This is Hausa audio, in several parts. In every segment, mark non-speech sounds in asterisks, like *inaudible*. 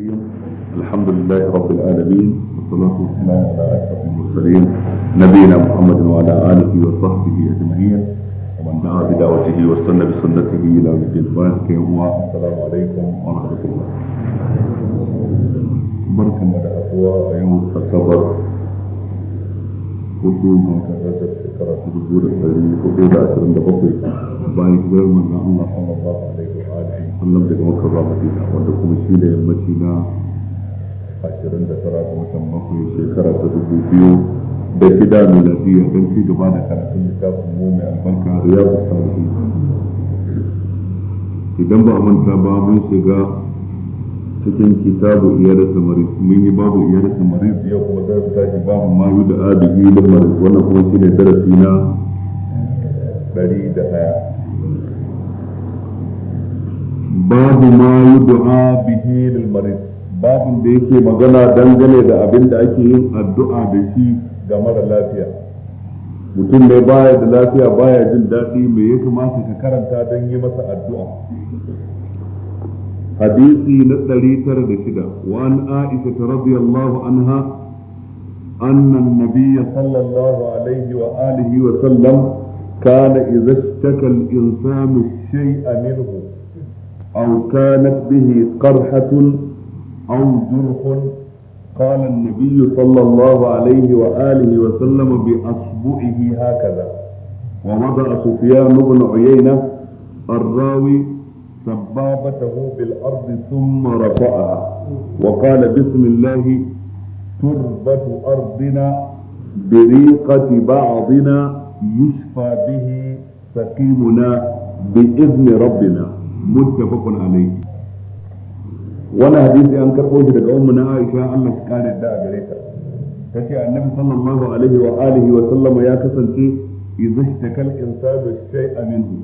الرحيم الحمد لله رب العالمين والصلاة والسلام على أشرف المرسلين نبينا محمد وعلى آله وصحبه أجمعين ومن دعا بدعوته واستنى بسنته إلى يوم الدين فاتك السلام عليكم ورحمة الله بركة مدى أقوى يوم السبت hudu من watan سكرة shekara ta dubu da ɗari hudu da ashirin الله bakwai bayan hijirar manzon sannan daga makka zuwa madina wanda kuma shi da yammaci na 29 ga watan bakwai shekara ta dubu biyu da shida miladiya don ci gaba da karatun littafin mu mai albarka riyadu salihin idan ba a manta ba mun shiga cikin kitabu da samari mun yi babu da samari yau kuma fita shi ba babu mayu da adi yi da mara wannan kuma shi ne darasi na ɗari da ɗaya babu ma yi du'a bihi lil marid babun da yake magana dangane da abin da ake yin addu'a da shi ga mara lafiya mutum mai baya da lafiya baya jin daɗi mai ya kamata ka karanta don yi masa addu'a hadisi na ɗari tara da shida wa an aisha ta radiyallahu anha annan nabiyya sallallahu alaihi wa alihi wa sallam kana idza ishtaka al-insanu أو كانت به قرحة أو جرح قال النبي صلى الله عليه وآله وسلم بأصبعه هكذا ووضع سفيان بن عيينة الراوي سبابته بالأرض ثم رفعها وقال بسم الله تربة أرضنا بريقة بعضنا يشفى به سقيمنا بإذن ربنا muttafaqun alayhi wannan hadisi an karɓo shi daga ummu na Aisha Allah ta kare da gare ta tace annabi sallallahu alaihi wa alihi wa sallam ya kasance idza istakal insanu shay'an minhu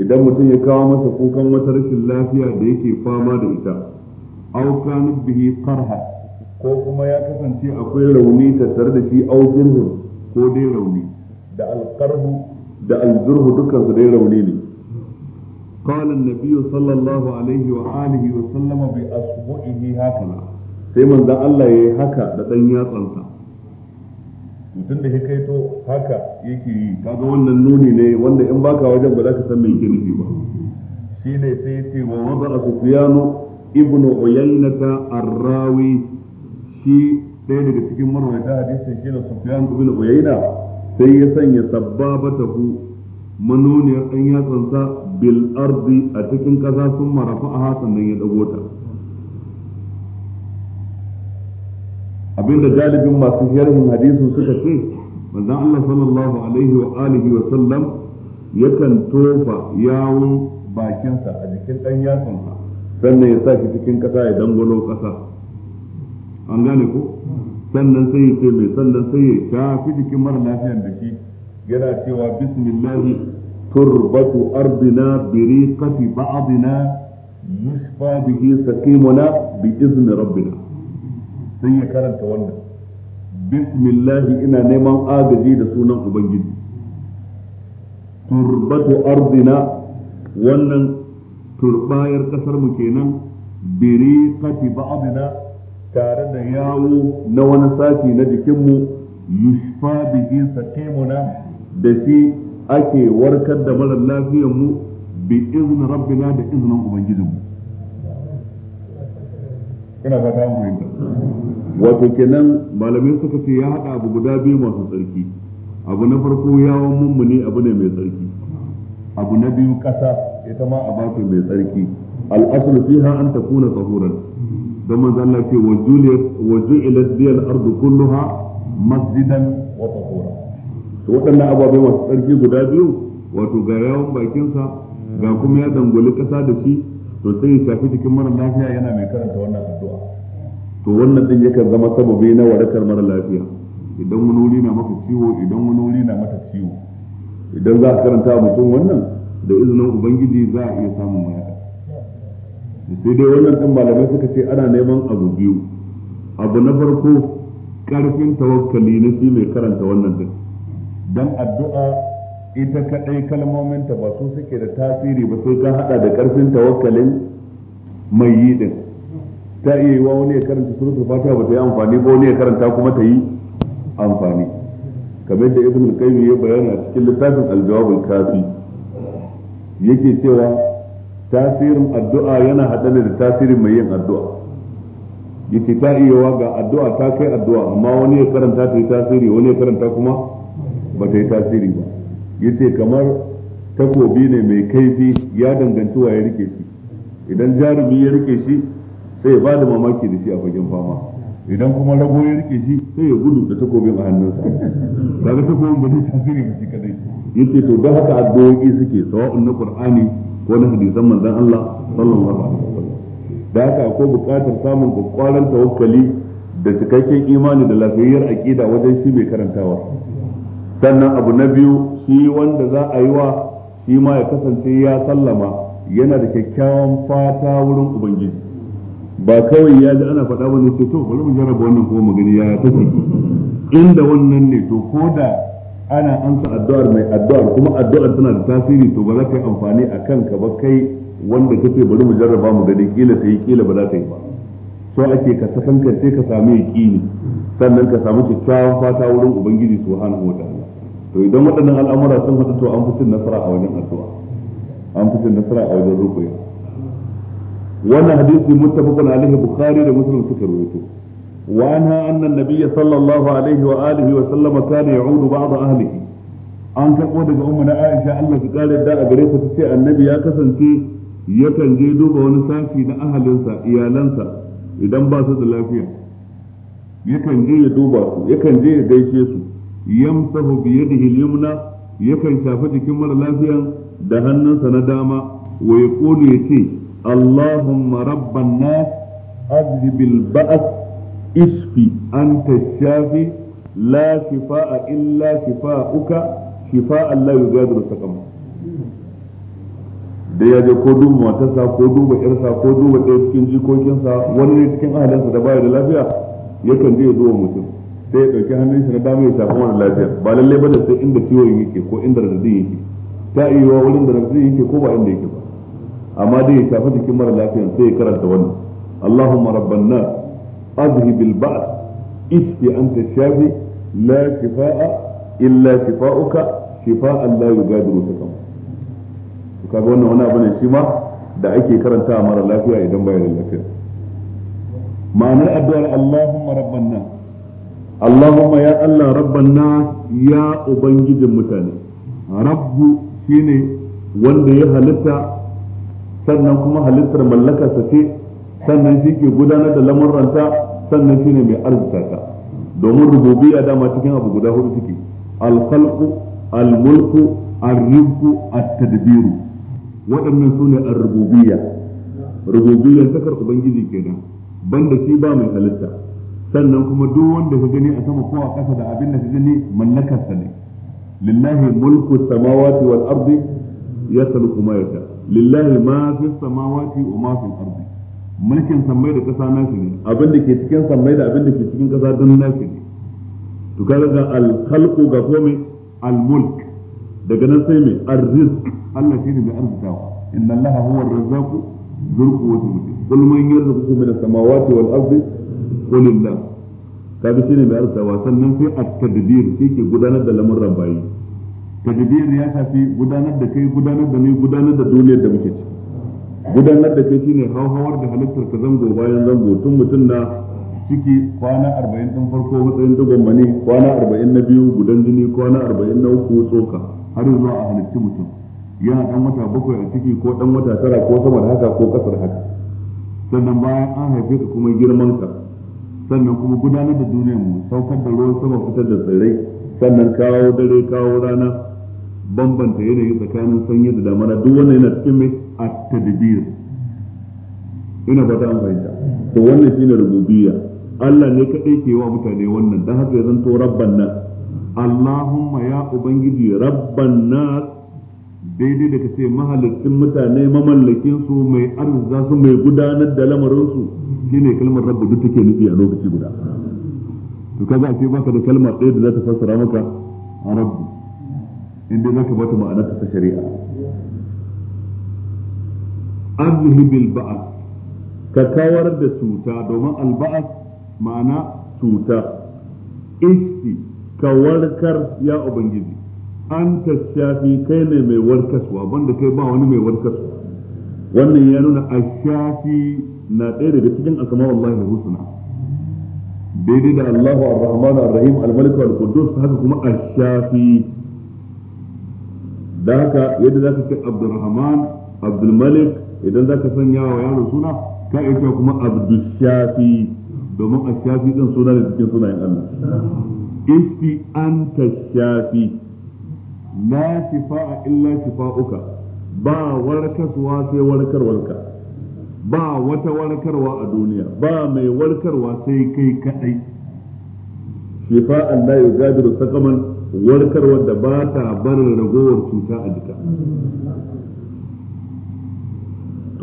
idan mutum ya kawo masa kukan wata rashin lafiya da yake fama da ita aw kana bihi qarha ko kuma ya kasance akwai rauni tattare da shi aw ko dai rauni da da aljurhu dukkan su dai rauni ne قال النبي صلى الله عليه وآله وسلم بأصبعه هكذا sai manzan Allah ya yi haka da ɗan yatsansa mutum da ya to haka yake yi kaga wannan nuni ne wanda in baka wajen ba za ka san mai ba shi ne sai yace wa wada a sufiyanu ibnu uyaynata arrawi shi ɗaya daga cikin marwaita hadisin shi ne sufiyan ibnu uyayna sai ya sanya sabbabatahu manoniyar ɗan yatsansa bil ardi a cikin ƙasa sun marafa'aha sannan ya dago ta abinda jalibin masu sharhin hadisu suka ce manzon Allah sallallahu alaihi wa alihi wa sallam yakan tofa yawon bakinsa a jikin dan yatsunsa sannan ya sa shi cikin ƙasa ya dangwalo ƙasa an gane ko sannan sai ya ce mai sannan sai ya shafi jikin mara lafiyan da shi yana cewa bismillahi تربة أرضنا بريقة بعضنا يشفى به سقيمنا بإذن ربنا sai ya karanta wannan bismillahi ina neman agaji da sunan ubangiji turbatu ardina wannan turbayar kasar mu kenan biri kati ba'adina tare da yawo na wani na jikinmu yushfa bihi da shi ake warkar da marar lafiyar mu bi izinin rabbina da izinin ubangijin mu ina ba ta fahimta wato kenan malamai suka ce ya hada abu guda biyu masu tsarki abu na farko yawon mummuni abu ne mai tsarki abu na biyu kasa ita ma abatu mai tsarki al'asul fiha an takuna tsahuran don manzo Allah ce wa juliyat wa ju'ilat liyal ardu kulluha masjidan wa tahura to waɗannan ababai masu tsarki guda biyu wato ga yawon bakinsa ga kuma ya dangwali ƙasa da shi to sai ya shafi cikin mara lafiya yana mai karanta wannan addu'a to wannan din yakan zama sababi na warakar mara lafiya idan wani wuri na maka ciwo idan wani wuri na mata ciwo idan za a karanta mutum wannan da izinin ubangiji za a iya samun mayaka sai dai wannan ɗin malamai suka ce ana neman abu biyu abu na farko ƙarfin tawakkali na shi mai karanta wannan din dan addu'a ita kadai kalmominta ba su suke da tasiri ba sai ka hada da karfin tawakkalin mai yi din ta iya yiwa wani ya karanta suratul fatiha ba ta yi amfani ba wani ya karanta kuma ta yi amfani kamar da ibn al-qayyim ya bayyana a cikin littafin al-jawab al-kafi yake cewa tasirin addu'a yana hada da tasirin mai yin addu'a yake ta iya yiwa ga addu'a ta kai addu'a amma wani ya karanta ta yi tasiri wani ya karanta kuma ba ta yi tasiri ba Ya ce kamar takobi ne mai kaifi ya danganci wa ya rike shi idan jarumi ya rike shi sai ya ba da mamaki da shi a fagen fama idan kuma rago ya rike shi sai ya gudu da takobin a hannunsa kaga takobin ba zai tasiri ba shi kadai Ya ce to don haka addu'o'i suke sawa'un na qur'ani ko na hadisan manzon Allah sallallahu alaihi wasallam da haka akwai buƙatar samun kwakwaran tawakkali da cikakken imani da lafiyar akida wajen shi mai karantawa sannan abu na biyu shi wanda za a yi wa shi ma ya kasance ya sallama yana da kyakkyawan fata wurin ubangiji ba kawai ya ji ana faɗa wani ce to bari mu jarraba wannan kuma magani ya take inda wannan ne to ko da ana ansa addu'ar mai addu'ar kuma addu'ar tana da tasiri to ba za ka yi amfani a kanka ba kai wanda kace bari mu jarraba mu gani kila ta yi kila ba za ta yi ba so ake ka sai ka samu ne sannan ka samu kyakkyawan fata wurin ubangiji subhanahu ta'ala to idan waɗannan al'amura sun haɗu to an fitin nasara a wajen addu'a an fitin nasara a wajen rukuya wannan hadisi muttafaqun alaihi bukhari da muslim suka rawaito wa anha anna an-nabiy sallallahu alaihi wa alihi wa sallama kana ya'udu ba'd ahlihi an karɓo daga ummu na Aisha Allah ta kare da a gare ta ce annabi ya kasance yakan je duba wani sashi na ahalinsa iyalansa idan ba su da lafiya yakan je ya duba su yakan je ya gaishe su yamsahu bi yadihi al-yumna yakan shafi jikin mara lafiyan da hannunsa na dama wa yaqulu yace Allahumma rabban nas adhib al-ba'th isfi anta shafi la shifaa illa shifaa'uka shifaa'an la yughadiru saqama da ya je ko duba matarsa ko duba yarsa ko duba ɗaya cikin jikokinsa wani ne cikin ahalinsa da baya da lafiya yakan je ya zo mutum sai ya dauki hannun shi na dama ya shafa mara lafiyar ba lalle bane sai inda ciwon yake ko inda radadin yake ta iya wa wurin da radadin yake ko ba inda yake ba amma dai ya shafa jikin mara lafiyar sai ya karanta wannan Allahumma rabban nas azhib al ba's ishfi anta shafi la shifaa illa shifaa'uka shifaa'an la yugadiru saqam to kaga wannan wani abu ne shi ma da ake karanta mara lafiya idan bai da lafiya ma'anar addu'ar Allahumma rabban Allahumma ya Allah rabban na ya ubangijin mutane rabbu shine wanda ya halitta sannan kuma halittar mallaka sa ce sannan shi ke gudanar da lamurranta sannan shine mai arzuta ka domin rububiyya dama cikin abu guda hudu take al-khalqu al-mulku ar-rizqu at-tadbiru waɗannan sune takar ubangiji kenan banda shi ba mai halitta sannan kuma duk wanda ka gani a sama ko a ƙasa da abin da ka gani mallakar sa ne lillahi mulku samawati wal ardi yakhluqu ma yasha lillahi ma fi samawati wa ma fil ardi mulkin sammai da ƙasa na nashi ne abin da ke cikin sammai da abin da ke cikin ƙasa don nashi ne to kaga ga al khalqu ga komai al mulk daga nan sai mai arzik Allah shine mai arzikawa inna Allah huwa ar-razzaqu dhul quwwati qul man yarzuqukum min as-samawati wal ardi ka bi shine mai arsawa sannan fi at-tadbir shi ke gudanar da lamuran bayi tadbir ya tafi gudanar da kai gudanar da ni gudanar da duniyar da muke ciki gudanar da kai shine hauhawar da halittar ka zango bayan zango tun mutum na ciki kwana arba'in din farko matsayin dugon mani kwana arba'in na biyu gudan jini kwana arba'in na uku tsoka har zuwa a halitti mutum yana ɗan wata bakwai a ciki ko ɗan wata tara ko sama da haka ko ƙasar haka sannan bayan an haife ka kuma girman ka sannan kuma gudanar da duniyar mu saukar da ruwan sama fitar da tsirrai sannan kawo dare kawo rana bambanta yanayi tsakanin sanyi da damana duk wannan yana cikin mai a tadbir ina ba ta fahimta to wannan shine rububiyya Allah ne kadai ke wa mutane wannan dan haka ya zanto rabban nas Allahumma ya ubangiji rabban nas daidai da kace mahalicin mutane mamallakin su mai arzuta su mai gudanar da lamarin su shine kalmar rabbu duk take nufi a lokaci guda to kaga ce baka da kalmar ɗaya da za ta fassara maka a rabbu inda za ka bata ma'anar ta shari'a azhi bil ba'a ka kawar da cuta domin alba'as ma'ana cuta isti ka warkar ya ubangiji anta shafi kai ne mai warkaswa banda kai ba wani mai warkaswa wannan ya nuna ashafi na ɗaya daga cikin asma wallahi da husna daidai da Allahu ar-Rahman ar-Rahim al-Malik al-Quddus haka kuma ashafi da haka yadda zaka ce Abdurrahman abdulmalik Malik idan zaka sanya wa yaro suna ka iya kuma Abdul domin a shafi din suna da cikin sunayen Allah an ta shafi la shifa'a illa shifa'uka ba warkaswa sai warkarwarka ba wata warkarwa a duniya ba mai warkarwa sai kai kadai shifa'an la yugadiru saqaman warkarwar da ba ta bar ragowar cuta a jika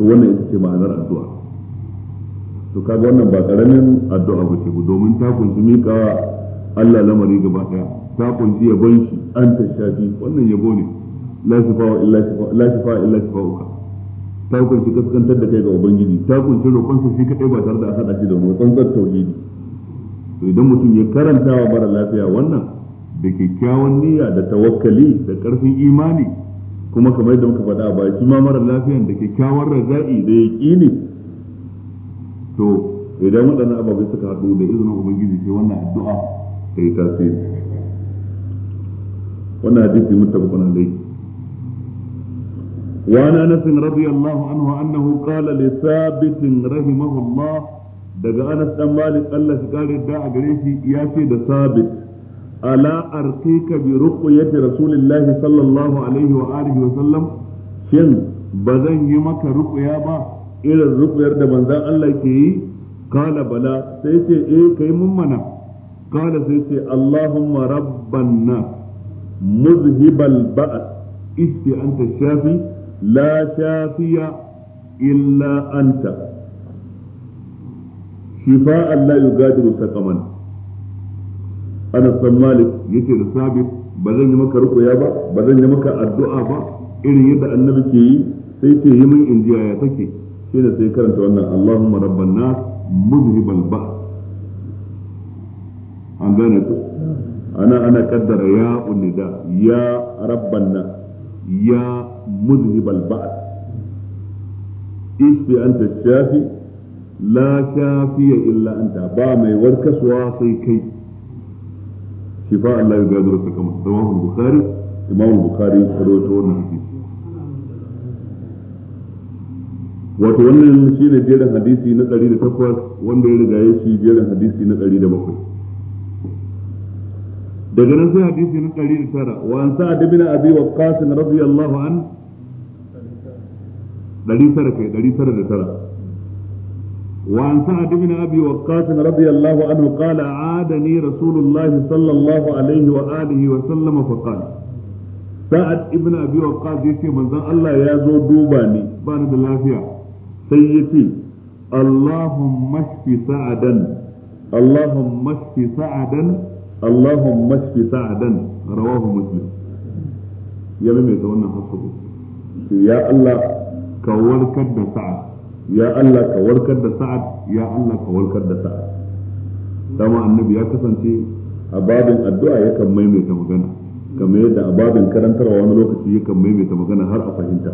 to wannan ita ce ma'anar addu'a to kaga wannan ba karamin addu'a ba ce domin ta kunshi mika Allah lamari gaba daya ta ya ban shi an shafi wannan yabo ne la shifa illa shifa la shifa illa ta kunshi kaskantar da kai ga ubangiji ta kunshi roƙon sa shi kadai ba tare da a hada shi da wani tsantsar tauhidi to idan mutum ya karanta wa mara lafiya wannan da kyakkyawan niyya da tawakkali da karfin imani kuma kamar yadda muka faɗa ba shi ma mara lafiyan da kyakkyawan raza'i da yaqini to idan waɗannan ababai suka haɗu da izinin ubangiji sai wannan addu'a ta yi tasiri wannan hadisi muttafaqun alayhi وعن انس رضي الله عنه انه قال لثابت رحمه الله daga anas dan malik Allah shi kare da a gare shi ya ce da sabit ala arqika bi ruqyati rasulillahi sallallahu alaihi wa shin ba zan yi maka ruqya ba irin ruqyar da manzon Allah ke yi kala bala sai ce eh kai mun mana kala sai rabban مذهب البأس إشت أنت الشافي لا شافي إلا أنت شفاء لا يغادر سقما أنا مالك يتي ثابت bazan yi maka rukuya ba bazan yi maka addu'a ba irin yadda annabi ke yi sai ce yi min injiya ya take shi da sai karanta wannan Allahumma rabban nas ba ana ana kaddara ya unida ya rabban nas ya muzhib al ba'd ishfi anta shafi la shafiya illa anta ba mai warkaswa sai kai shifa Allah ya gazara ta kama sawahu bukhari imam bukhari rawaito wannan hadisi wato wannan shine jerin hadisi na 108 wanda ya riga ya shi jerin hadisi na 107 daga nan sai hadisi na 109 wa an sa'ad bin abi waqqas radiyallahu an 109 kai 109 wa an sa'ad bin abi waqqas radiyallahu anhu qala Adani rasulullahi sallallahu alaihi wa alihi wa sallam fa qala sa'ad ibn abi waqqas yace manzon Allah ya zo duba ni ba ni da lafiya sai yace Allahumma shfi sa'adan Allahumma shfi sa'adan Allahumma shfi sa'adan rawahu muslim ya mai wannan hasabu ya Allah ka warkar da sa'ad ya Allah ka warkar da sa'ad ya Allah ka warkar da sa'ad dama annabi ya kasance a babin addu'a yakan maimaita magana kamar yadda a karantarwa wani lokaci yakan maimaita magana har a fahimta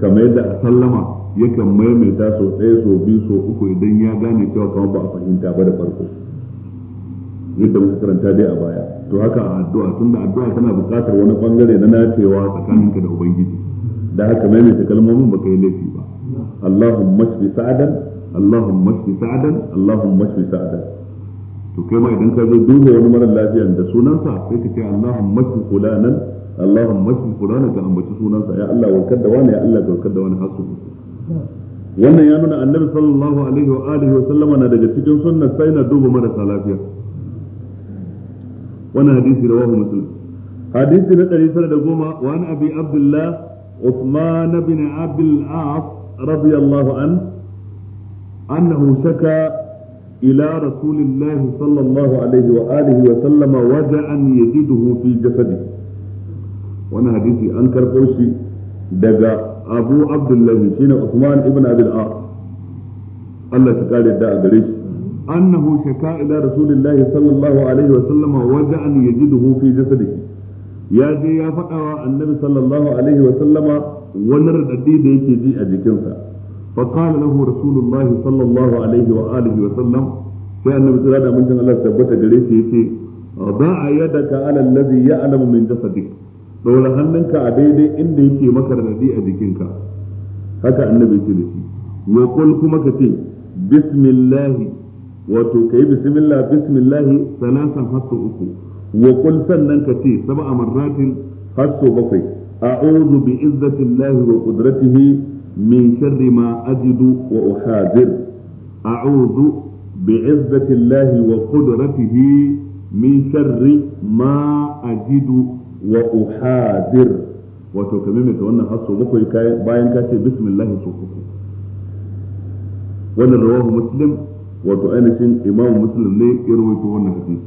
kamar yadda a sallama yakan maimaita sau sau biyu sau uku idan ya gane kyau kamar ba a fahimta ba da farko yadda muka karanta dai a baya to haka a addu'a tun da addu'a tana buƙatar wani bangare na nacewa tsakaninka da ubangiji da haka maimaita kalmomin baka yi laifi ba Allahumma shfi sa'adan Allahumma shfi sa'adan Allahumma shfi sa'adan to kai ma idan ka zo duba wani mara lafiya da sunansa sai ka ce Allahumma shfi kulanan Allahumma shfi kulanan ka ambaci sunansa ya Allah warkar da wani ya Allah warkar da wani hasu wannan ya nuna annabi sallallahu alaihi wa alihi wa sallama na daga cikin sunnar sai na duba marasa lafiya wannan hadisi rawahu muslim hadisi na 110 wa an abi abdullah عثمان بن عبد العاص رضي الله عنه أنه شكى إلى رسول الله صلى الله عليه وآله وسلم وجعا يجده في جسده وانا حديثي أنكر قرشي دقا أبو عبد الله شين عثمان بن عبد العاص الله تقال الداء قريش annahu shaka ila rasulillahi sallallahu alaihi wa sallama waja'an yajiduhu fi jasadihi ya je ya faɗawa annabi sallallahu alaihi wa sallama wani radadi da yake ji a jikinsa fa qala lahu rasulullahi sallallahu alaihi wa alihi wa sallam sai annabi tsira da mutum Allah tabbata gare shi yace da'a yadaka ala allazi ya'lamu min jasadik dole hannunka a daidai inda yake maka radadi a jikinka haka annabi ce da shi wa kuma ka ce bismillahi wato kai bismillah bismillah salasan hasu uku wa qul sannan ka ce sab'a marratin hasu bakwai a'udhu bi izzati llahi wa qudratihi min sharri ma ajidu wa uhadir a'udhu bi izzati llahi wa qudratihi min sharri ma ajidu wa uhadir wato ka maimaita wannan hasu bakwai bayan ka ce bismillah su uku wannan rawahu muslim wato ainihin imamu muslim ne ya rawaito wannan hadisi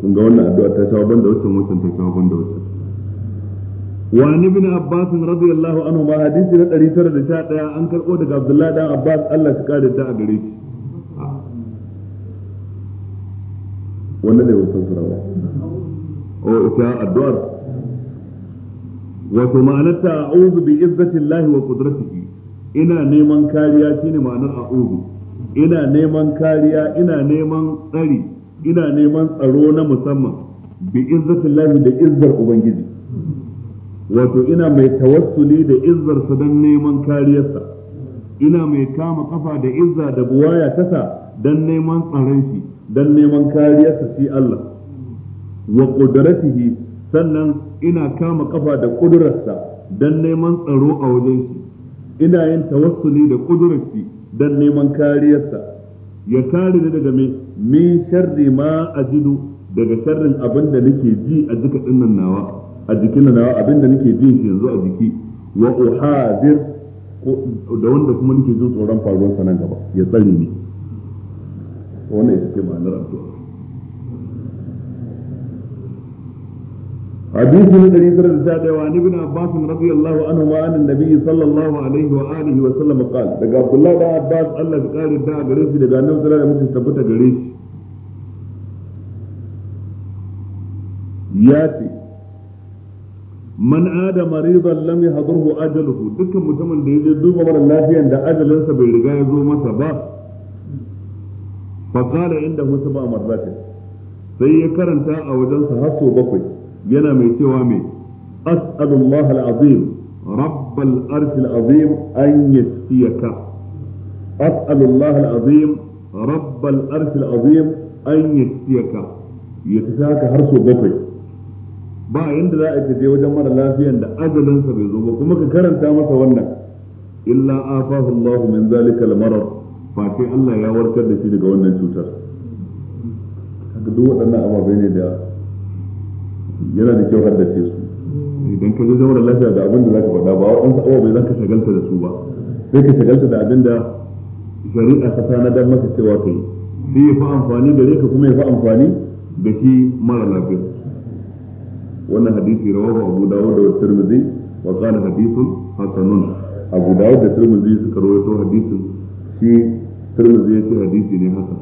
kun ga wannan addu'a ta shawo banda wancan wancan ta shawo banda wancan وعن ابن عباس رضي الله عنهما حديث na 911 an karbo daga Abdullahi dan Abbas Allah ya kare ta a gare shi wannan ne wasan farawa? o ita addu'ar wato ma'anarta a'udhu bi izzati Allah wa qudratihi ina neman kariya shine ma'anar a'udhu ina neman kariya ina neman tsari ina neman tsaro na musamman bi lahi da izzar ubangiji wato ina mai tawassuli da izzarsa don neman kariyarsa ina mai kama kafa da izza da buwaya tasa don neman tsaron shi don neman kariyarsa shi Allah wa ƙudratihi sannan ina kama kafa da ƙudurarsa don neman tsaro a wajen shi ina yin tawassuli da kudurarsi dan neman kariyarsa ya kare ni daga me sharri ma ajidu daga sharrin abin da nake ji a jika dinnan nawa a jikin nawa abin da nake jin shi yanzu a jiki wa uhadir da wanda kuma nake jin tsoron faruwar sa nan gaba ya tsare ni wannan ita ce ma'anar addu'a حديث من الذي سرد السادة وعن ابن عباس رضي الله عنه وعن النبي صلى الله عليه وآله وسلم قال لقى عبد الله بن عباس الله قال الدعاء قريش لقى النبي صلى الله عليه وسلم ياتي man ada maridan lam yahduruhu ajaluhu dukkan mutumin da je duba mara lafiyar da ajalinsa bai riga ya zo masa ba fa qala inda husa ba marratin sai ya karanta a wajensa har bakwai yana mai cewa mai as'alullah al'azim rabbal arshil azim an yasfiyaka as'alullah al'azim rabbal arshil azim an yasfiyaka ya tafi har so bakwai ba yanda za a je wajen mara lafiyan da ajalinsa bai zo ba kuma ka karanta masa wannan illa afahu Allah min zalika al-marad fa sai Allah ya warkar da shi daga wannan cutar kaga duk waɗannan ababe ne da yana da kyau haddace su idan ka zai zaman lafiya da abin da ka faɗa ba waɗansu bai za ka shagalta da su ba sai ka shagalta da abin da shari'a ta tanadar maka cewa ka yi sai ya fi amfani gare ka kuma ya fi amfani da shi mara lafiya wannan hadisi ba abu dawo da turmizi wa qala hadisun hasanun abu dawo da turmizi suka rawaito hadisin shi ya ce hadisi ne haka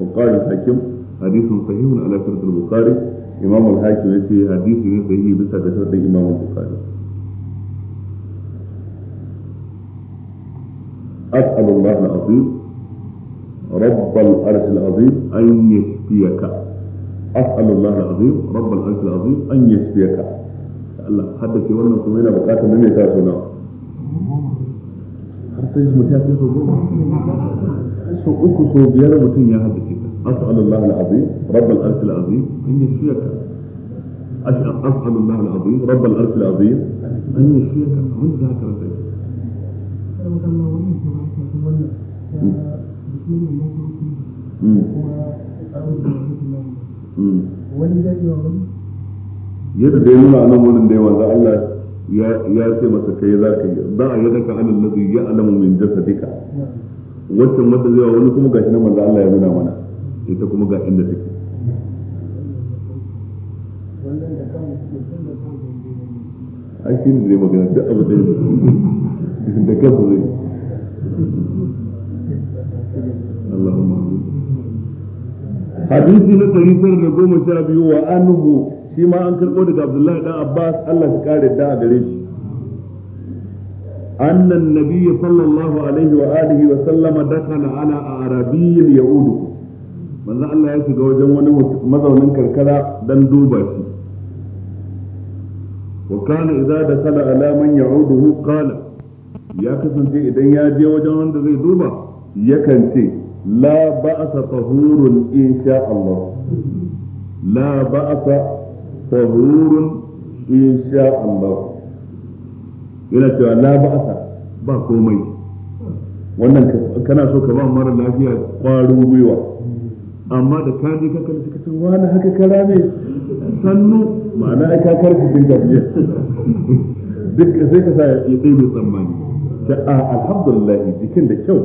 wa qala hakim hadithun sahihun ala sharh bukhari imam al-hakim ya ce hadisi ne sahihi bisa ga sharɗin imam al-bukhari أسأل الله العظيم رب العرش العظيم أن يشفيك أسأل الله العظيم رب العرش العظيم أن يشفيك Allah haddace wannan kuma yana bukatar mai ta suna har sai mutum ya kai sau goma sau uku sau biyar mutum ya haddace أسأل الله العظيم رب الأرض العظيم أن يشفيك أسأل الله العظيم رب الأرض العظيم أن يشفيك من ذاكرتك يبدي لنا أنا من الدنيا وذا الله يا يا سيما سكي ذاك ضع يدك على الذي يعلم من جسدك وتم نعم. تزيع ولكم قاشنا نعم، من الله يبنا منه ita kuma ga inda take a ne zai magana da abu zai zai da kansu zai Allahumma hadisi na ɗari sun da goma sha biyu wa shi ma an karɓo daga abdullahi ɗan abbas allah ka kare da gare annan Nabiyu, sallallahu alaihi wa alihi wa sallama dakala ala arabiyyil yahudu manzo Allah ya shiga wajen wani mazaunin karkara dan duba shi wa kana idza dakala ala man ya'uduhu qala ya kasance idan ya je wajen wanda zai duba yakan ce la ba'sa tahurun insha Allah la ba'sa tahurun insha Allah yana cewa la ba'sa ba komai wannan kana so ka ba mara lafiya kwarin gwiwa amma da ka je ka kalli ka ce wani haka kara ne sannu ma'ana ai ka karfi din gafiya duk sai ka sa ya tsaye mai tsammani ta a alhamdulillah jikin da kyau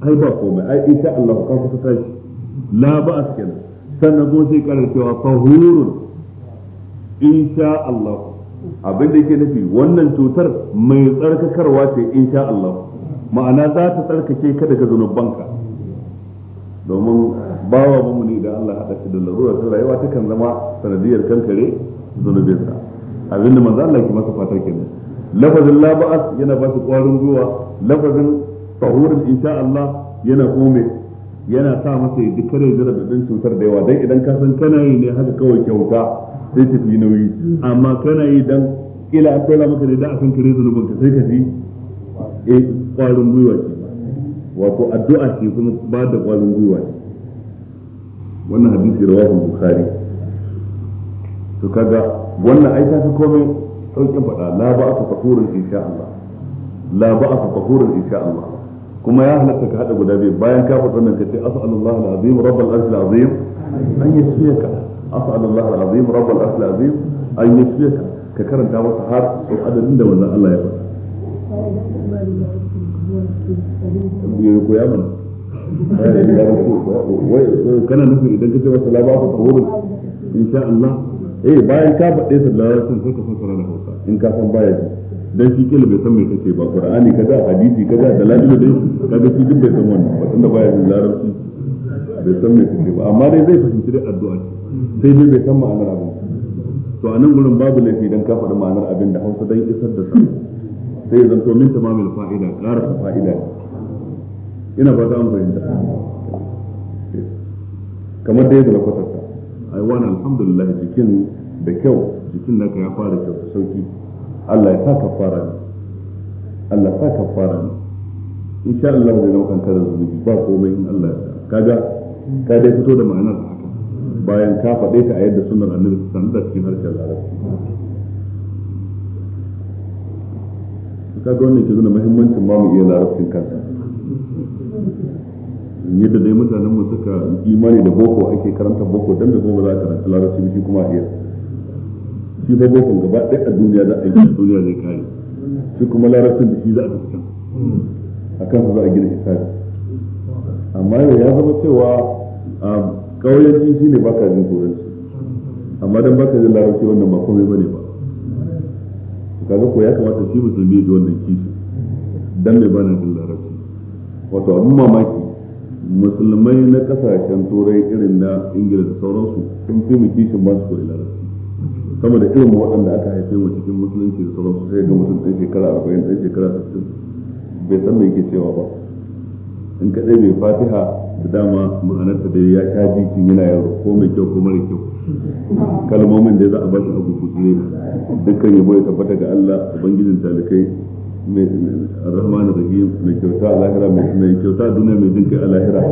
ai ba komai ai insha Allah ka kusa tashi la ba askin sannan ko sai karar cewa fahurun insha Allah abin da yake nufi wannan cutar mai tsarkakarwa ce insha Allah ma'ana za ta tsarkake ka daga zanubanka domin bawa mamuni da Allah haɗa shi da larura ta rayuwa ta kan zama sanadiyar kankare zunubinsa abinda manzo Allah ke masa fata kenan lafazin laba'as yana ba su kwarin gwiwa lafazin tahurul insha Allah yana kome yana sa masa ya ji kare da ɗin cutar da yawa dan idan ka san kana yi ne haka kawai kyauta sai tafi nauyi amma kana yi dan kila a kola maka ne da a kan kare zunubinka sai ka fi kwarin eh, gwiwa ce wato addu'a ce kuma ba da ƙwarin gwiwa ne wannan hadisi rawahu bukari to kaga wannan ai ta komai sauƙin faɗa la ba a aka fahurin insha Allah la ba a aka fahurin insha Allah kuma ya halatta ka haɗa guda biyu bayan ka faɗa wannan kace as'alullahu alazim Rabbal arshil azim an yashfiyaka as'alullahu alazim rabbul arshil azim an yashfiyaka ka karanta masa har adadin da wannan Allah ya faɗa ya koya mana kana nufin idan ka ce masa la ba ku tsawurin insha Allah eh bayan ka faɗe da larabcin sai ka da Hausa in ka san baya ji dan shi kila bai san me kace ba Qur'ani kaza hadisi kaza dalilu dai kaga shi duk bai san wannan baya jin larabci bai san kace ba amma dai zai fahimci dai addu'a sai dai bai san ma'anar abin to a nan gurin babu laifi dan ka faɗi ma'anar abin da Hausa dan isar da sa sai zan to min tamamil fa'ida ƙara fa'ida ina fata an fahimta kamar da yadda na kwatanta ai wani alhamdulillah jikin da kyau jikin naka ya fara kyau sauki Allah ya sa ka fara ne Allah sa ka fara ne sha Allah zai daukan ka da zunubi ba komai in Allah ya kaga ka dai fito da ma'anar haka bayan ka faɗe ta a yadda sunan annabi sallallahu da wasallam cikin harshen larabci kaga wannan ke zuna muhimmancin ba mu iya larabcin kansa yadda dai mutanen mu suka imani da boko ake karanta boko dan da kuma ba za a karanta larabci shi kuma a iya shi ba boko gaba ɗaya a duniya za a yi duniya zai kare shi kuma larabcin da shi za a fi can a kansa za a gina hisabi amma yau ya zama cewa a ƙauyenci shi ne baka jin turanci amma dan baka jin larabci wannan ba komai bane ba kaga ko ya kamata shi musulmi da wannan kishi dan mai bana da larabci wato abin mamaki musulmai na kasashen turai irin na ingila da sauransu sun fi mu kishin ba su koyi larabci sama da irin waɗanda aka haife mu cikin musulunci da sauransu sai ga mutum ɗan shekara arba'in ɗan shekara sittin bai san me yake cewa ba in kaɗai bai fatiha da dama ma'anarta da ya sha jikin yana yaro ko mai kyau ko mara kyau kalmomin da za a a ne dukkan yabo ya tabbata ga Allah ubangijin talikai mai rahmanu mai kyauta a lahira mai kyauta duniya mai jinkai a lahira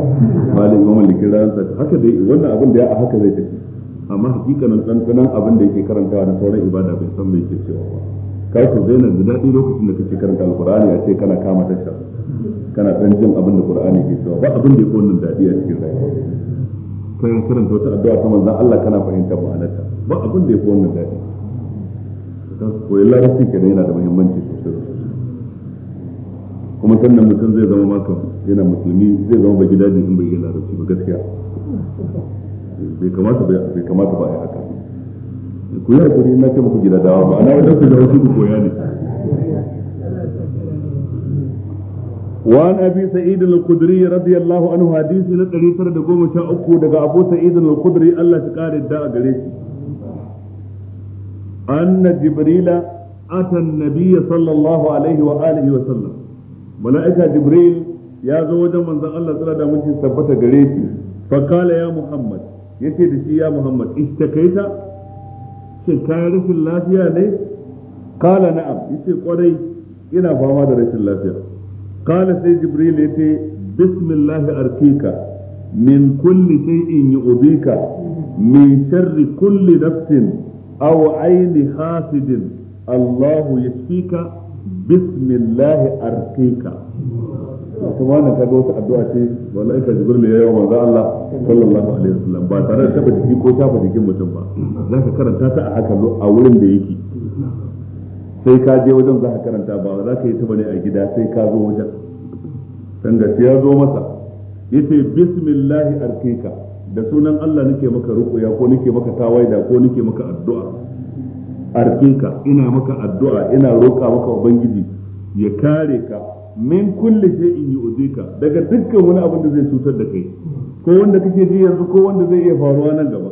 malin imam likin haka dai wannan abin da ya haka zai tafi amma hakikanin abin da yake karantawa sauran ibada bai san mai ke cewa ba ka ku da daɗi lokacin da kake karanta alkur'ani a ce kana kama tasha kana ɗan jin abin da qur'ani ke cewa ba abin da yake wannan daɗi a cikin rayuwa ko yin karanta wata addu'a ta manzon Allah kana fahimtar ma'anarta ba abin da yake wannan daɗi dan ko illa kenan yana da muhimmanci sosai kuma sannan mutum zai zama maka yana musulmi zai zama ba gidaje in bai yi larabci ba gaskiya bai kamata ba bai kamata ba haka ku yi hakuri na ce muku gida dawa ba ana wajen ku da wasu ku koya ne وعن ابي سعيد الخدري رضي الله عنه حديث na 913 daga Abu Sa'id al-Khudri Allah ta kare da a gare shi أن جبريل أتى النبي صلى الله عليه وآله وسلم ملائكة جبريل يا زوج من ذا الله صلى الله عليه وسلم فقال يا محمد يتي يا محمد اشتكيت shin kayan rashin lafiya ne kala na'am yace kwarai ina fama da rashin lafiya kala sai jibril yace bismillah arkika min kulli shay'in yu'dika min sharri kulli nafsin aw aini hasidin Allahu يشفيك بسم الله to wannan kaga wata addu'a ce malaika jibril ya yi wa manzo Allah sallallahu alaihi wasallam ba tare da taba jiki ko tafa jikin mutum ba za ka karanta ta a haka a wurin da yake sai ka je wajen za ka karanta ba za ka yi ta bane a gida sai ka zo wajen dan ya zo masa yace bismillahi arkika da sunan Allah nake maka rukuya ko nake maka tawaida ko nake maka addu'a arkika ina maka addu'a ina roƙa maka ubangiji ya kare ka min kulli shay'in yu'dika daga dukkan wani abin da zai cutar da kai ko wanda kake ji yanzu ko wanda zai iya faruwa nan gaba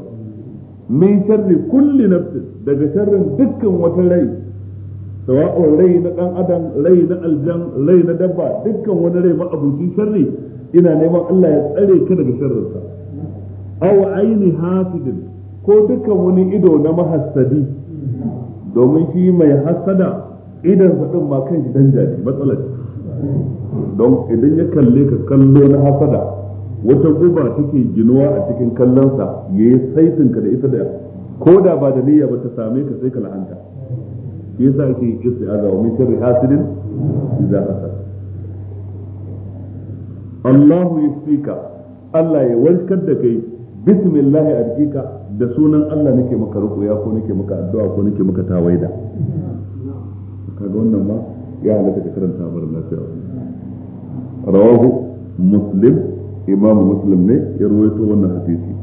min sharri kulli nafsi daga sharrin dukkan wata rai sawa'un rai na dan adam rai na aljan rai na dabba dukkan wani rai ba abuci sharri ina neman Allah ya tsare ka daga sa aw aini hasidin ko dukkan wani ido na mahassadi domin shi mai hasada idan sa din ma kan shi danja ne matsalar don idan ya kalle ka kallo na hasada wata guba take ginuwa a cikin kallonsa ya yi ka da ita da ko da ba da niyya ba ta same ka sai ka la'anta shi yasa ake isti'aza wa min sharri hasidin idza hasad Allah ka Allah ya wankar da kai bismillah jika da sunan Allah nake maka rukuya ko nake maka addu'a ko nake maka tawaida kaga ya halatta ka karanta mara lafiya rawahu muslim imam muslim ne ya ruwaito wannan hadisi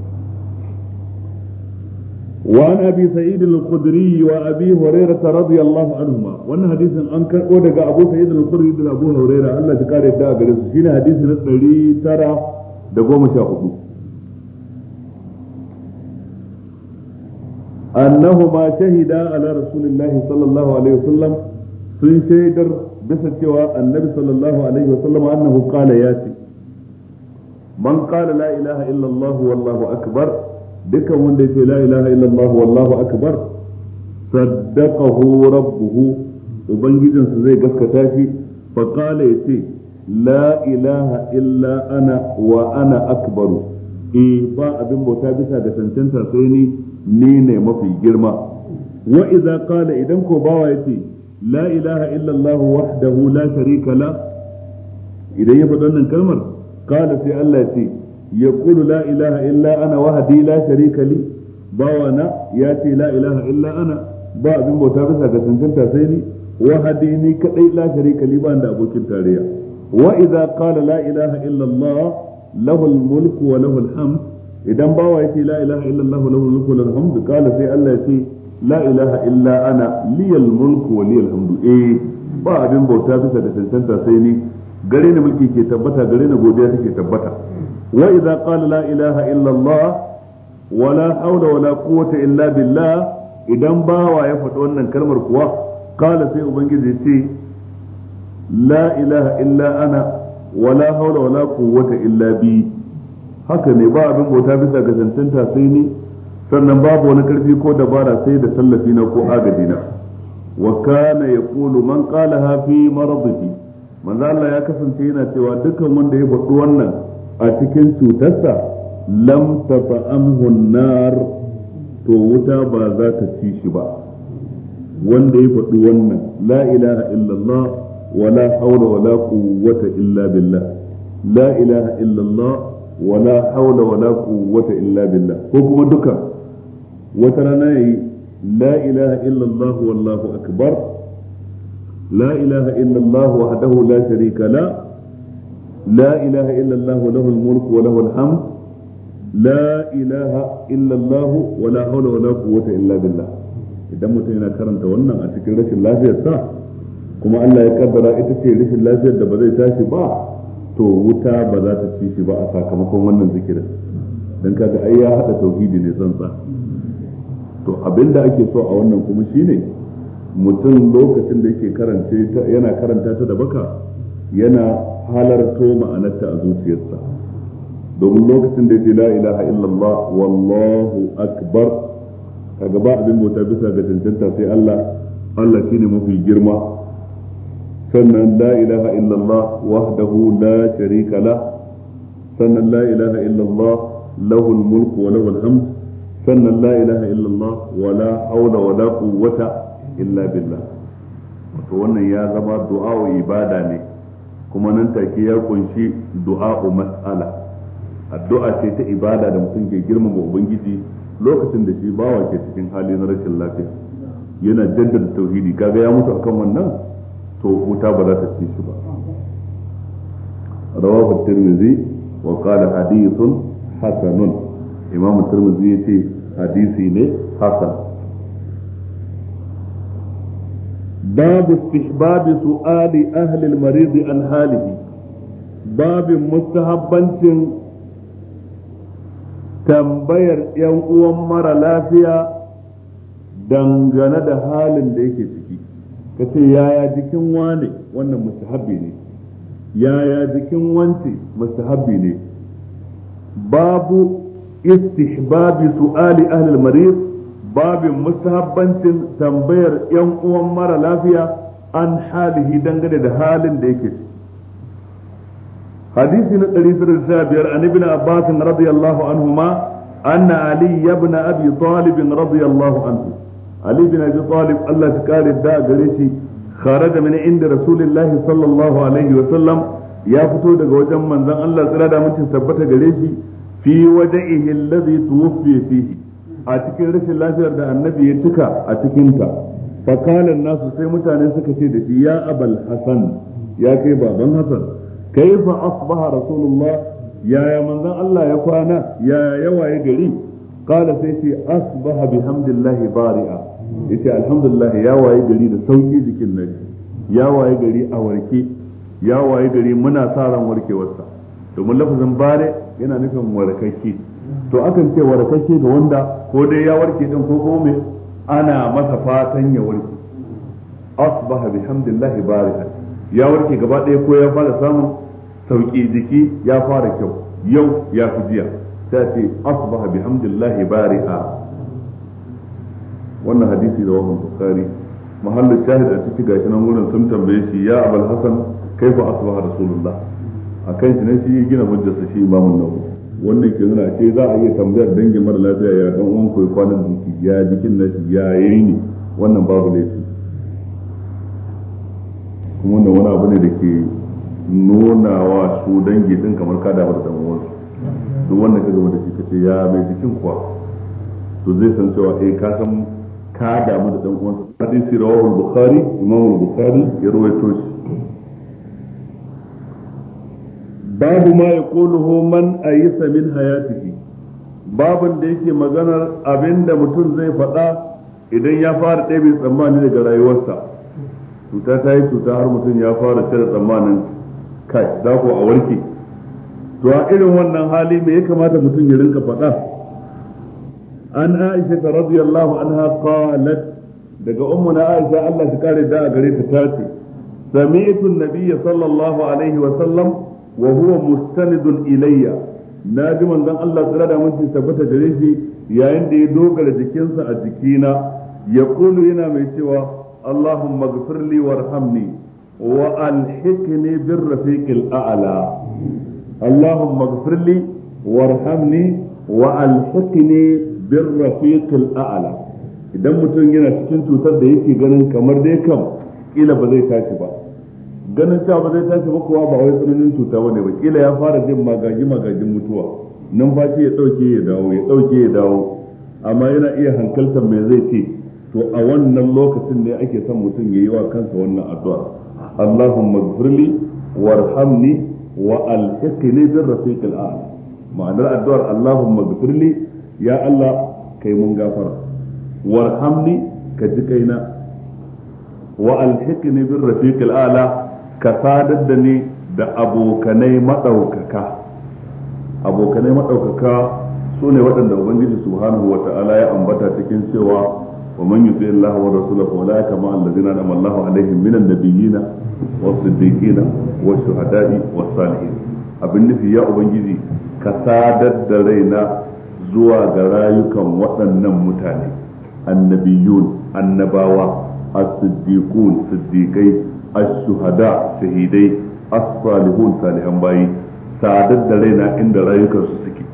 wa an abi sa'id al-khudri wa abi hurayra radiyallahu anhuma wannan hadisin an karbo daga abu sa'id al-khudri da abu hurayra Allah ya kare a gare su shine hadisi na 914 annahuma shahida ala rasulillahi sallallahu alaihi wasallam sun shaidar bisa cewa annabi sallallahu alaihi wa sallam annahu qala ya ce man qala la ilaha illa wallahu akbar dukan wanda yake la ilaha illa Allah wallahu akbar saddaqahu rabbuhu ubangijinsa zai gaskata shi fa qala yace la ilaha illa ana wa ana akbaru E, ba abin bauta bisa da cancanta sai ni ne mafi girma wa idza qala idan ko bawa yace la ilaha illallah la sharika la idan ya faɗi wannan kalmar qala sai Allah ce yaqulu la illa ana wahdi la sharika li bawana ya ce la illa ana ba abin bauta bisa ga cancanta sai ni wahdi ni kadai la sharika li ba da abokin tarayya wa idza qala la ilaha wa lahu idan bawa yace la ilaha wa sai la ilaha illa ana liyal mulku liyal hamdu eh, ba abin bauta bisa da tantanta sai ni gare ni mulki ke tabbata gare ni godiya take tabbata wa idza qala la ilaha illa allah wa la hawla illa billah idan bawa ya faɗi wannan kalmar kuwa qala sai ubangiji ya ce la illa ana wa la illa haka ne ba abin bauta bisa ga sai ni sannan babu wani karfi ko dabara sai da tallafi na ko agadi na wa kana yaqulu man qalaha fi maradihi manzo Allah ya kasance yana cewa dukkan wanda ya faɗi wannan a cikin cutarsa lam tata'amhu nar to wuta ba za ta ci shi ba wanda ya faɗi wannan la ilaha illallah wa la hawla wala quwwata illa billah la ilaha illallah wa la hawla wala quwwata illa billah ko kuma dukan wata rana ya yi la ilaha illallah wallahu akbar la ilaha illallah wahdahu la sharika la la ilaha illallah lahul mulk wa lahul hamd la ilaha illallah wa la hawla wa la quwwata illa billah idan mutum yana karanta wannan a cikin rashin lafiyar lafiyarsa kuma Allah ya kaddara ita ce rashin lafiyar da ba zai tashi ba to wuta ba za ta ci shi ba a sakamakon wannan zikirin dan kaga ai ya hada tauhidi ne tsantsa to abinda ake so a wannan kuma shine mutum lokacin da yake karanta yana karanta ta da baka yana halarto ma'anarta a zuciyarsa domin lokacin da yake la ilaha illallah wallahu akbar kaga ba abin bauta bisa ga cancanta sai Allah Allah shine mafi girma sannan la ilaha illallah wahdahu la sharika sannan la ilaha illallah lahul mulku wa lahul hamd sannan la ilaha illallah wala haula wala quwwata illa billah wato wannan ya zama du'a ibada ne kuma nan take ya kunshi du'a mas'ala addu'a ce ta ibada da mutum ke girmama ubangiji lokacin da shi bawa ke cikin hali na rashin lafiya yana jaddada tauhidi kaga ya mutu akan wannan to wuta ba za ta ci shi ba rawahu tirmidhi wa qala hadithun hasanun imam tirmidhi yace hadisi ne hasan babu istihbab su'ali ahli al-marid an halihi babin mustahabbancin tambayar yan uwan mara lafiya dangane da halin da yake ciki ka ce yaya jikin wane wannan mustahabbi ne yaya jikin wance mustahabbi ne babu istihbabi su'ali ahlil marid babin mustahabbancin tambayar yan uwan mara lafiya an halihi dangane da halin da yake ciki hadisi na 165 an ibn abbas radiyallahu anhuma anna ali ibn abi talib radiyallahu anhu ali ibn abi Allah ya kare da gare shi kharaja min inda rasulullahi sallallahu alaihi wa sallam ya fito daga wajen manzon Allah tsira da mutum tabbata gare fi wada'ihi allazi tuwfi fihi a cikin rashin lafiyar da annabi ya tuka a cikin ta fa qala nasu sai mutane suka ce da shi ya abal hasan ya kai baban hasan kaifa asbaha rasulullah yaya manzon Allah ya kwana yaya yawa ya gari kala sai ce asbaha bihamdillahi bari'a yace alhamdulillah ya waye gari da sauki jikin nashi ya waye gari a warke ya waye gari muna sa ran warkewarsa domin lafazin bari. yana nufin warakakke to akan ce warakakke ga wanda ko dai ya warke din ko kuma ana masa fatan ya warke asbaha bihamdillahi barikan ya warke gaba ɗaya ko ya fara samun sauki jiki ya fara kyau yau ya fi jiya ta ce asbaha bihamdillah bari'a wannan hadisi da wahun bukhari mahallin shahid a ciki gashi nan wurin sun tambaye shi ya abul hasan kaifa asbaha rasulullah a kan shi ne shi ya gina hujjarsa shi imamun nawawi wannan ke nuna ce za a iya tambayar dangin mara lafiya ya kan uwan koyi kwanan jiki ya jikin na shi ya yi ne wannan babu laifi kuma wannan wani abu ne da ke nuna wa su dangi din kamar ka damar da uwansu duk wanda ka gama da shi ka ce ya mai jikin kuwa to zai san cewa eh ka san ka damu da dan su. hadisi rawahu bukhari imamu bukhari ya rawaito shi babu ma ya kuluhu man a yi samin hayatihi babin da yake maganar abinda mutum zai faɗa idan ya fara ɗaya tsammani daga rayuwarsa cuta ta yi cuta har mutum ya fara cire tsammanin kai za ku a to a irin wannan hali me ya kamata mutum ya rinka faɗa an aisha ta radiyallahu anha qalat daga ummu na aisha Allah ta kare da a gare ta tace sami'tu an-nabiy sallallahu alaihi wa sallam wa huwa mustanidun ilayya na ji manzon Allah tsira da mun tabbata gare yayin da ya dogara jikinsa a jikina ya kulu yana mai cewa Allahu gfirli warhamni wa alhiqni bir rafiqil a'la Allahumma gfirli warhamni wa alhiqni bir rafiqil a'la idan mutum yana cikin cutar da yake ganin kamar dai kam kila ba zai tashi ba ganin cewa ba zai tashi ba kowa ba wai tsananin cuta bane ba kila ya fara jin magaji magajin mutuwa numfashi ya dauke ya dawo ya dauke ya dawo amma yana iya hankaltar me zai ce to a wannan lokacin ne ake son mutum ya yayi wa kansa wannan addu'a Allahumma ighfirli warhamni wa alhiqni bir rafiqil a'la ma'anar addu'ar Allahumma ighfirli ya Allah kai mun gafara warhamni ka ji kaina wa alhiqni bir rafiqil a'la ka sadar da ni da abokanai maɗaukaka abokanai maɗaukaka su ne waɗanda ubangiji subhanahu wa ta'ala ya ambata cikin cewa wa man yuti Allah wa rasulahu wa la kama allazina anama Allahu alaihim minan nabiyina was siddiqina was shuhada'i was salihin abin nufi ya ubangiji ka sadar da raina zuwa ga rayukan waɗannan mutane annabiyun annabawa as-siddiqun siddiqai a shuhada shahidai as-salihun salihan bayi sadar da raina inda rayukan su suke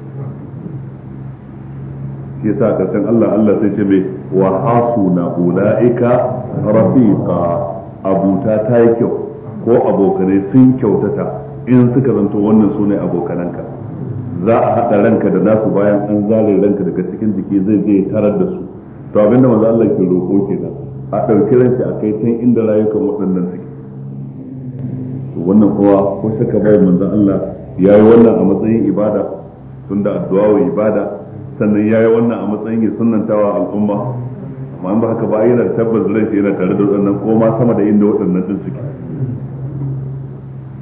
shi yasa karshen Allah Allah sai ce mai wa hasuna ulaika rafiqa abuta ta yi kyau ko abokanai sun kyautata in suka zanto wannan sune abokananka za a haɗa ranka da nasu bayan an zale ranka daga cikin jiki zai je tarar da su to abinda manzo Allah ke roƙo kenan a ɗauki ranci a kai can inda rayukan waɗannan suke wannan kowa ko shaka bai manzo Allah ya yi wannan a matsayin ibada tunda addu'a wa ibada sannan ya yi wannan a matsayin ya sunnantawa al'umma amma in ba haka ba yana tabbas ran shi yana tare da waɗannan ko ma sama da inda waɗannan din suke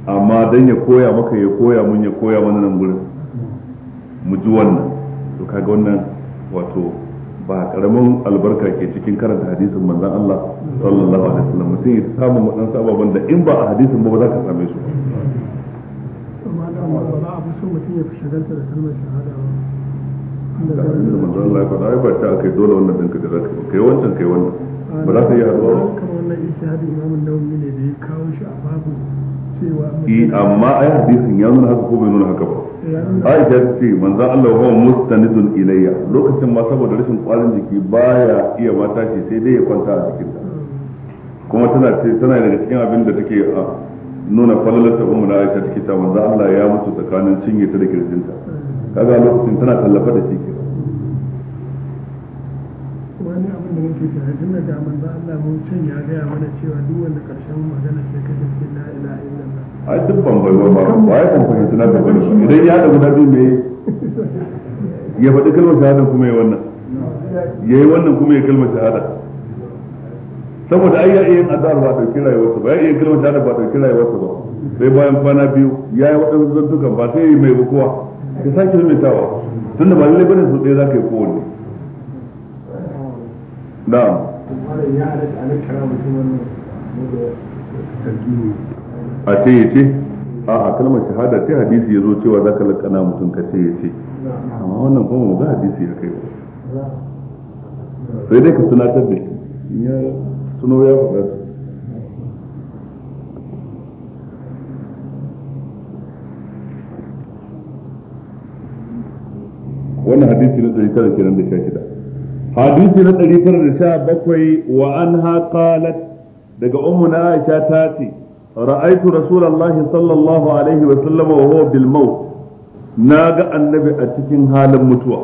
amma dan ya koya maka ya koya mun ya koya mana nan gurin mu ji wannan to kaga wannan wato ba karamin albarka ke cikin karanta hadisin manzon Allah sallallahu alaihi wasallam mutum ya samu wadansu ababen da in ba a hadisin ba ba za ka same su Allah ya faɗa ai ba ta kai dole wannan ɗinka da ka kai wancan kai wannan ba za ka yi haɗuwa ba kamar wannan ishadin imamun nawawi ne da ya kawo shi a babu cewa amma ai hadisin ya nuna haka ko bai nuna haka ba Aisha ce manzo Allah huwa mustanidun ilayya lokacin ma saboda rashin kwarin jiki baya iya ma tashi sai dai ya kwanta a cikin ta kuma tana ce tana daga cikin abin da take a nuna falalar ta umma Aisha take ta manzo Allah ya mutu tsakanin cinye ta da ta kaga lokacin tana tallafa da shi wani abin da muke tare da manzo Allah mun cin ya ga mana cewa duk wanda karshen magana sai ka tafi la ilaha ai duk ban bai ba ba ya kan fahimci na ka bane idan ya da guda biyu mai ya faɗi kalmar shahada kuma ya wannan ya yi wannan kuma ya kalmar shahada saboda ai ya iya yin azhar ba dauki rayuwarsa ba ya iya kalmar shahada ba dauki rayuwarsa ba sai bayan kwana biyu ya yi waɗansu zantukan ba sai yi mai bukuwa ya sake maimaitawa tunda ba lallai bane su ɗaya za ka yi kowanne na'am a ce ya ce a a kalmar shahada ce hadisi ya zo cewa za ka lakana mutum ka ce ya ce amma wannan kuma ba hadisi ya kai ba sai dai ka tunatar da shi ya tuno ya faɗa wannan hadisi na ɗari tara kenan da sha shida hadisi na ɗari tara da sha bakwai wa an haƙalat daga Umu na aisha ta ce ra'aitu rasulullahi sallallahu alaihi wa sallama wa huwa bil maut naga annabi a cikin halin mutuwa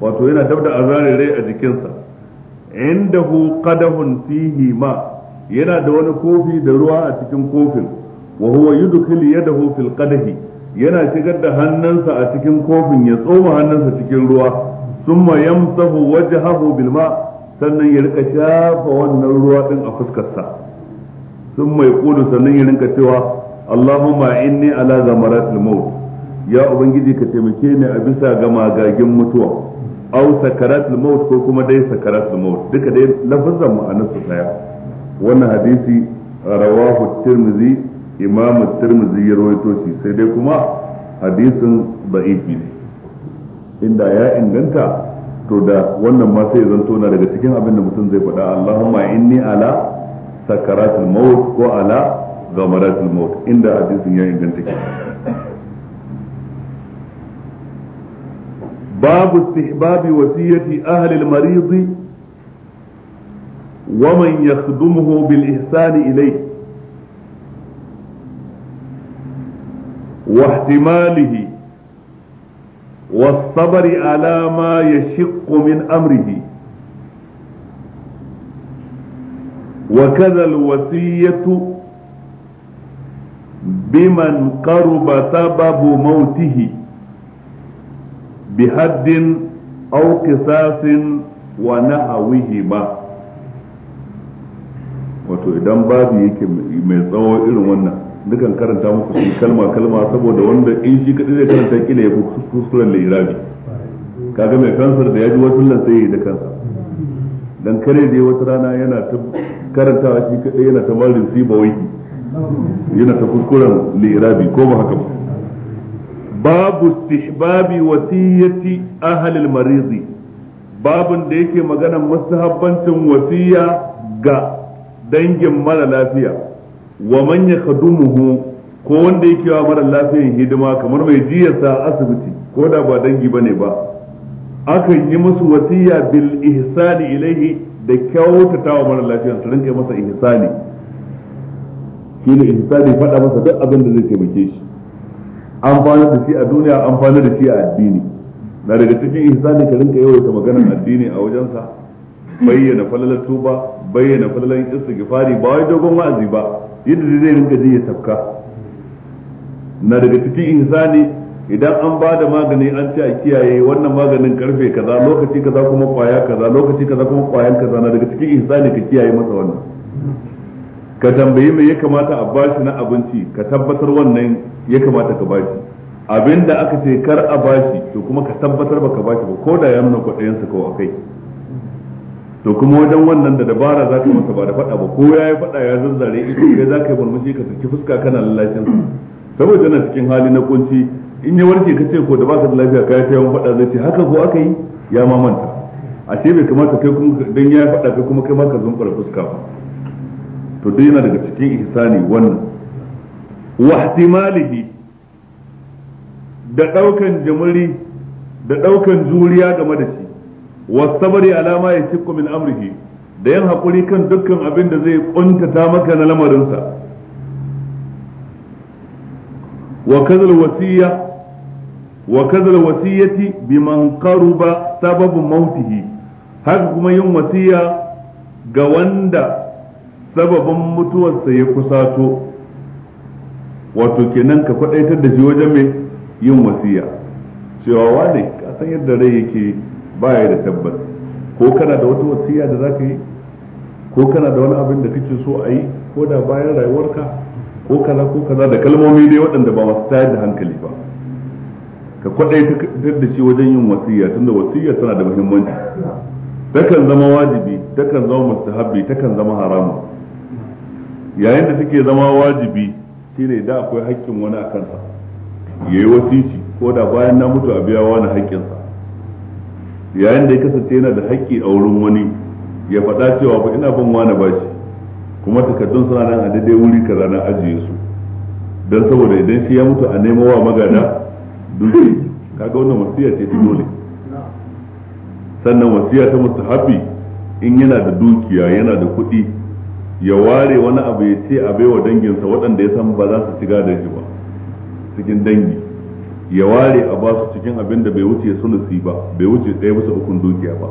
wato yana dabda azare rai a jikinsa indahu qadahun fihi ma yana da wani kofi da ruwa a cikin kofin wa huwa ya yadahu fil qadahi yana shigar da hannunsa a cikin kofin ya tsoma hannunsa cikin ruwa summa yamsahu wajhahu bil ma sannan ya rika shafa wannan ruwa ɗin a fuskarsa sun mai kulu sannan ya rinka cewa Allahumma inni ala zamaratil maut ya ubangiji ka taimake ni a bisa ga magagin mutuwa au sakaratul maut ko kuma dai sakaratul maut duka dai lafazan ma'anar su daya wannan hadisi rawahu tirmizi imamu tirmizi ya rawaito shi sai dai kuma hadisin da'ifi ne inda ya inganta to da wannan ma sai zanto na daga cikin abin da mutum zai faɗa Allahumma inni ala سكرات الموت وعلى غمرات الموت عند حديث يا انتك باب استحباب وصية أهل المريض ومن يخدمه بالإحسان إليه واحتماله والصبر على ما يشق من أمره وكذا الوصية بمن قرب سبب موته بحد أو قصاص ونحوهما wato idan babu yake mai tsawo irin wannan dukan karanta muku shi kalma kalma saboda wanda in shi kadai zai karanta kila ya kuskuren lirabi kaga mai kansar da ya ji wasu lantsaye da kansa dan kare dai wata rana yana ta karanta shi kadai yana ta marin sibawai yana ta kuskuren lirabi ko ba haka ba babu istihbabi wasiyyati ahli al-marizi babun da yake maganan mustahabbancin wasiya ga dangin mara lafiya wa man yakhdumuhu ko wanda yake wa mara lafiyan hidima kamar mai jiyarsa asibiti ko da ba dangi bane ba akan yi musu wasiya bil ihsani ilaihi da kyautata wa mara lafiya su rinka masa ihsani ne ihsani faɗa masa duk abin da zai taimake shi amfanar da shi a duniya amfanar da shi a addini na daga cikin ihsani ka rinka yawaita maganar addini a wajensa bayyana falalar tuba bayyana falalar istighfari ba wai dogon wa'azi ba yadda zai rinka ji ya tafka na daga cikin ihsani idan an ba da magani an ce a kiyaye wannan maganin karfe kaza lokaci kaza kuma kwaya kaza lokaci kaza kuma kwayan kaza na daga cikin ihsani ka kiyaye masa wannan ka tambayi me ya kamata a bashi na abinci ka tabbatar wannan ya kamata ka bashi abinda aka ce kar a bashi to kuma ka tabbatar baka bashi ba ko da ya nuna kwaɗayen sa kawai akai to kuma wajen wannan da dabara za ka masa ba da faɗa ba ko ya yi faɗa ya zanzare ido kai za ka yi murmushi ka saki fuska kana lallashin saboda yana cikin hali na kunci in ya warke ka ce ko da baka da lafiya ka ta yawan faɗa zai ce haka ko aka yi ya ma manta a ce bai kamata kai kuma dan ya faɗa kai kuma kai ma ka zumbura fuska ba to dai yana daga cikin ihsani wannan wa ihtimalihi da daukan jamuri da daukan juriya game da shi wa sabri ala ma yashqu min amrihi da yin hakuri kan dukkan abin da zai kuntata maka na lamarinsa wa kazal wasiya wa kazal wasiyati biman qaruba sababu mautihi haka kuma yin ga wanda sababin mutuwarsa ya kusato wato kenan ka kwadaitar da shi wajen mai yin wasiya cewa wane ka san yadda rai yake baya da tabbas ko kana da wata wasiya da za ka yi ko kana da wani abin da kake so a yi ko da bayan rayuwarka ko kaza ko kaza da kalmomi dai waɗanda ba wasu tayar da hankali ba ka kwaɗai ta da shi wajen yin wasiyya tunda wasiyya tana da muhimmanci takan zama wajibi takan zama mustahabbi takan zama haramu yayin da take zama wajibi shine da akwai haƙƙin wani a kansa yayi wasici ko da bayan na mutu a biya wani haƙƙinsa yayin da ya kasance yana da haƙƙi a wurin wani ya faɗa cewa ba ina bin wani bashi kuma takardun suna nan a daidai wuri kaza na ajiye su don saboda idan shi ya mutu a nemo wa magada ka kaga wannan wasiya ce ta dole sannan wasiya ta hafi. in yana da dukiya yana da kuɗi ya ware wani abu ya ce a baiwa danginsa waɗanda ya san ba za su shiga da shi ba cikin dangi ya ware a ba su cikin abin da bai wuce sulusi ba bai wuce ɗaya bisa ukun dukiya ba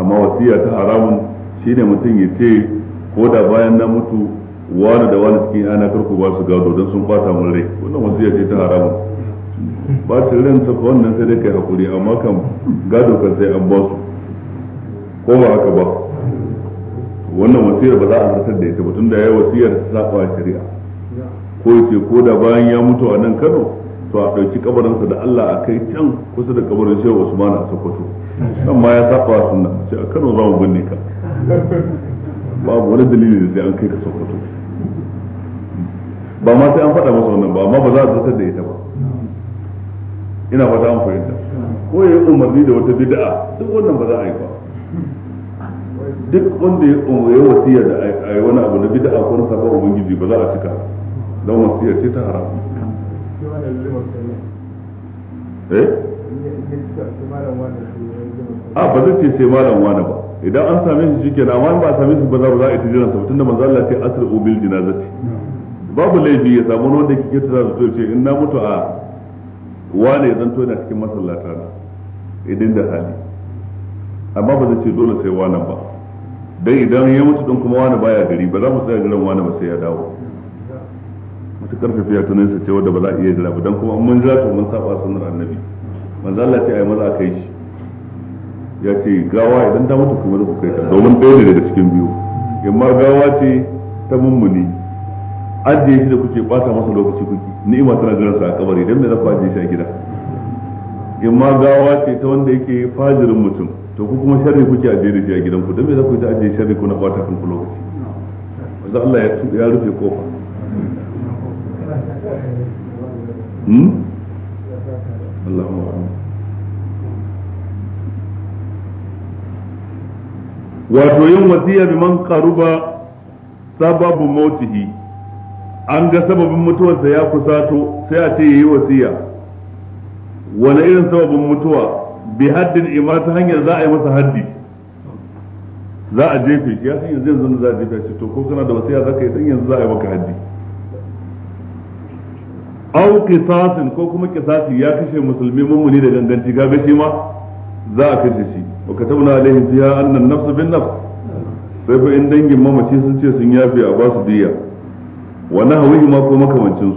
amma wasiya ta haramun shine mutum ya ce ko da bayan na mutu wani da wani cikin ana karku ba su gado don sun bata mun rai wannan wasiya ce ta haramun ba su ran sa wannan sai dai kai hakuri amma kan gado kan sai an ba su ko ba haka ba wannan wasiyar ba za a hasar da ita ba ya yi wasiyar ta saba shari'a ko yace ko da bayan ya mutu a nan Kano to a ɗauki kabarinsa da Allah a kai can kusa da kabarin Shehu Usman a Sokoto nan ma ya saba sunna sai a Kano za mu binne ka babu wani dalili da an kai ka sokoto ba ma sai an faɗa masa wannan ba amma ba za a zartar da ita ba ina fata an fahimta ko ya yi umarni da wata bid'a duk wannan ba za a yi ba duk wanda ya umarni wasiya da a yi wani abu na bid'a ko na sabon ubangiji ba za a cika don wasiya ce ta haram eh a ba zai ce sai malam wani ba idan an same shi shikenan amma ba a same shi ba za a yi tijiran sa da manzo Allah sai asru bil janazati babu laifi ya samu wanda kike kiyata za su ce in na mutu a wane ya zanto yana cikin masallata na idan da hali amma ba zai ce dole sai wani ba dan idan ya mutu din kuma wani baya gari ba za mu tsaya garin wani ba sai ya dawo karfe tafiya tunan sa ce wanda ba za a iya jira ba dan kuma mun jira to mun saba sunnar annabi manzo Allah ce ai maza kai shi ya ce gawa idan ta mutu kuma ku kai ta domin ɗaya ne daga cikin biyu imma gawa ce ta mummuni ajiye shi da kuke bata masa lokaci kuke ni'ima tana jiran sa a kabari idan me za ajiye shi a gida imma gawa ce ta wanda yake fajirin mutum to ku kuma sharri kuke ajiye da shi a gidanku dan me za ku ta ajiye sharri kuna bata ku lokaci wanda Allah ya rufe kofa hmm? Allahumma wato yin wasiya bi man qaruba sababu mautihi an ga sababin mutuwarsa ya kusato sai a ce yayi wasiya wani irin sababin mutuwa bi haddin imar ta hanyar za a yi masa haddi za a jefe shi ya san yanzu yanzu za a jefe shi to ko kana da wasiya za ka yi dan yanzu za a yi maka haddi au qisasin ko kuma qisasi ya kashe musulmi mummuni da ganganci kaga shi ma za a kashe shi wa katabna alaihim fiha anna an-nafs sai fa dangin mamaci sun ce sun yafe a basu diya wa nahwihi ma ko makamancin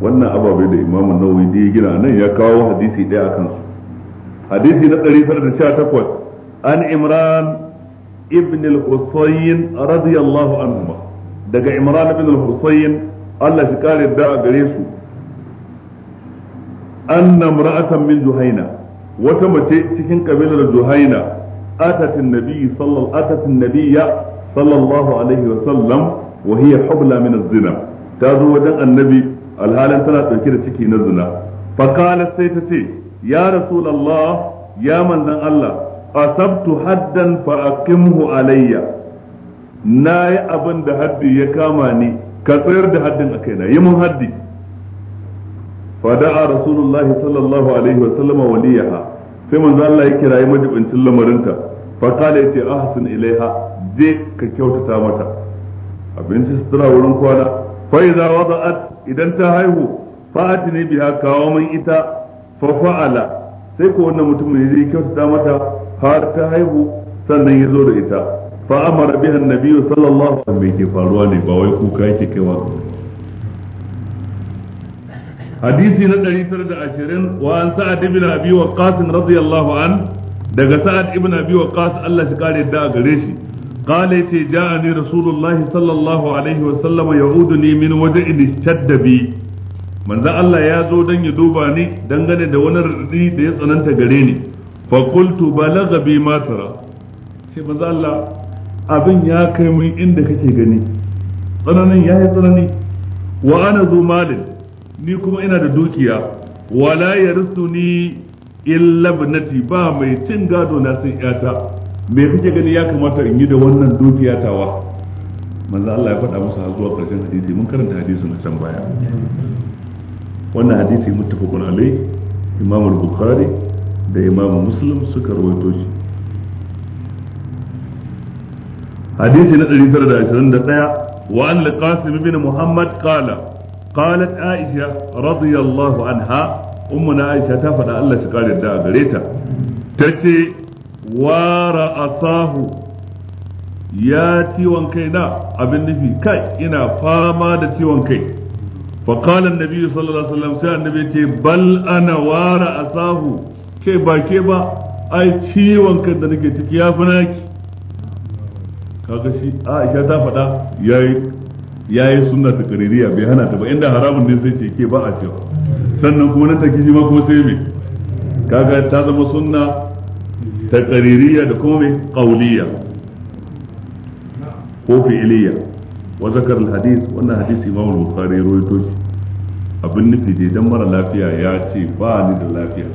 wannan ababe da Imam Nawawi da gina nan ya kawo hadisi ɗaya akan su hadisi na 118 an Imran ibn al-Husayn radiyallahu anhu daga Imran ibn al Allah shi kare da a gare su anna imra'atan min juhaina wata mace cikin kabilar juhaina atat annabi sallallahu atat annabiyya sallallahu alaihi wa sallam wa hiya hubla min az-zina ta zo wajen annabi alhalin tana dauke da ciki na zina fa qalat sai ta ce ya rasulullah ya manzon Allah asabtu haddan fa aqimhu alayya nayi abin da haddi ya kama ni ka tsayar da haddin a kaina yi mun haddi fa da'a rasulullahi sallallahu sai manzo Allah ya kirayi majibincin lamarinta fa kala yace ahsin ilaiha je kyautata mata abinci sutura wurin kwana fa idza wada'at idan ta haihu fa atini biha kawo min ita fa sai ko wannan mutumin ya kyautata mata har ta haihu sannan ya zo da ita fa amara biha annabiyyu sallallahu alaihi wasallam ke faruwa ne ba wai kuka yake kaiwa hadisi na 120 wa an sa'ad ibn abi waqqas radiyallahu an daga sa'ad ibn abi waqqas Allah shi kare da gare shi قال يتي جاءني رسول الله صلى الله عليه وسلم يعودني من وجع اشتد بي manzo Allah ya zo don ya duba ni dangane da wani rudi da ya tsananta gare ni fa qultu balagha bi ma tara sai manzo Allah abin ya kai mun inda kake gani tsananin ya yi tsanani wa ana ni kuma ina da dukiya wala ya ni illa bnati ba mai cin gado na sai yata me kuke gani ya kamata in yi da wannan dukiya tawa manzo Allah ya faɗa musu har zuwa ƙarshen hadisi mun karanta hadisin a can baya wannan hadisi muttafaqun alai Imam al-Bukhari da Imam Muslim suka rawaito shi hadisi na 121 wa an al-Qasim ibn Muhammad qala qalat aisha radiyallahu anha ummuna aisha ta faɗa Allah shi kare da gare ta tace wara asahu ya ciwon kai na abin nufi kai ina fama da ciwon kai fa qala annabi sallallahu alaihi wasallam sai annabi ce bal ana wara asahu ke ba ke ba ai ciwon kai da nake ciki ya Aisha ta faɗa ya yi sunna ta kaririya bai hana ta ba inda haramun ne sai ce ke ba a cewa sannan kuma na taki ma ko sai me kaga ta zama sunna ta kaririya da kuma me qauliya ko fi'iliya wa zakar al wannan hadisi Imam al-Bukhari rawaito shi abin nufi dai dan mara lafiya ya ce ba ni da lafiya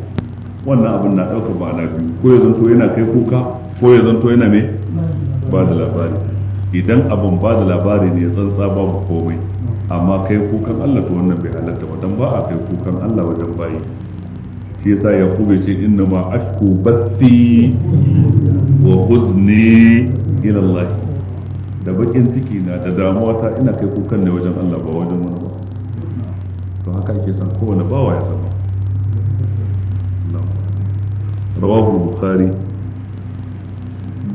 wannan abin na daukar ba biyu. ko ya zanto yana kai kuka ko ya zanto yana me ba da labari idan abin ba da labari ne ya tsantsa babu komai amma kai kukan Allah to wannan bai halatta ba dan ba a kai kukan Allah wajen bayi shi yasa kube ce inna ma ashku bathi wa huzni ila Allah da bakin ciki na da damuwa ta ina kai kukan ne wajen Allah ba wajen wani ba to haka ake san kowane bawa ya zama rawahu bukhari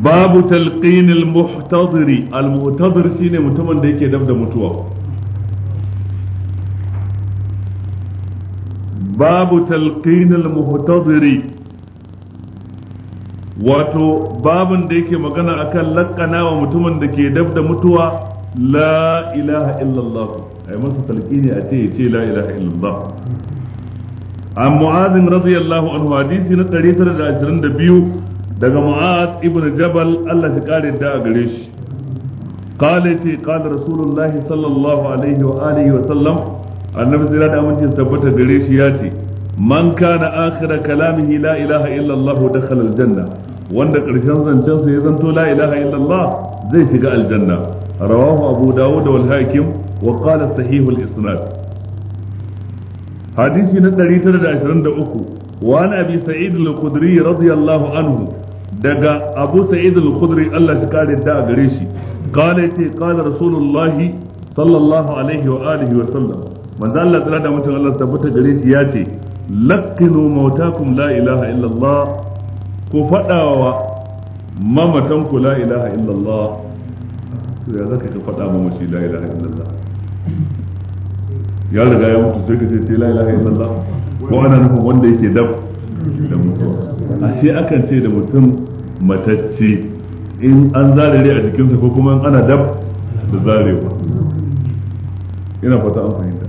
babu talqinil muhtadiri al muhtadir shine mutumin da yake dab da mutuwa babu talqinil muhtadiri wato babin da yake magana akan lakana wa mutumin da ke dab da mutuwa la ilaha illallah ai masa talqini a ce ce la ilaha illallah an mu'azin radiyallahu anhu hadisi na 922 daga mu'ad ibn jabal Allah ya kare da a gare shi qala ti qala rasulullahi sallallahu alaihi wa alihi wa sallam annabi sai da amincin tabbata gare shi ya ce Manka kana akhira kalamihi la ilaha illa Allah dakhala aljanna wanda karshen zancen sa ya zanto la ilaha illa zai shiga aljanna rawahu abu dawud wal hakim wa qala sahih al isnad hadisi na 923 وعن ابي سعيد الخدري رضي الله عنه daga Abu Sa'id al-Khudri Allah shi kare da gare shi kale ce kala Rasulullahi sallallahu alaihi wa alihi wa sallam manzo Allah tsara da mutum Allah tabbata gare shi ya ce laqinu mautakum la ilaha illa Allah ku fadawa mamatan ku la ilaha illa Allah to ya zaka ka fada ma mace la ilaha illa Allah ya riga ya mutu sai ka ce la ilaha illa Allah ko ana nufin wanda yake dab da mutuwa ashe akan ce da mutum matacce in an zarare a jikinsa ko kuma ana dab da zarewa ina fata an fahimta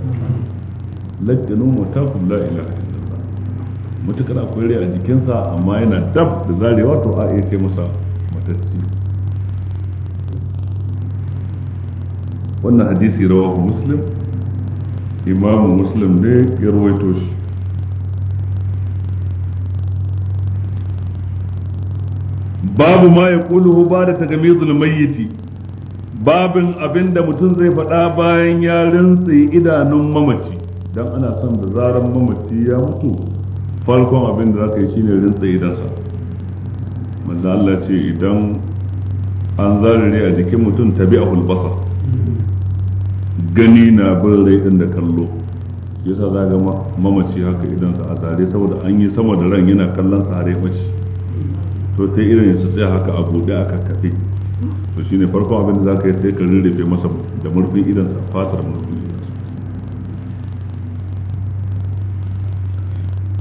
laddinu mutakum la ilaha illallah mutukar akwai rai a jikinsa amma yana dab da zarewa to a iya ce masa matacce wannan hadisi rawahu muslim imamu muslim ne ya rawaito shi babu ma ya kuluhu ba da tagamizul mayyiti babin abin da mutum zai faɗa bayan ya rintse idanun mamaci dan ana son da zaran mamaci ya mutu farkon abin da zaka yi shine rintse idansa manzo Allah ce idan an zarare a jikin mutum tabi'ahul basar gani na bin rai din da kallo yasa zaga mamaci haka idan a zare saboda an yi sama da ran yana kallon sa har to sai irin su tsaya haka a buɗe aka kafe to shine farko abin da za ka yi sai ka rurrufe masa da murfin idan sa fatar murfin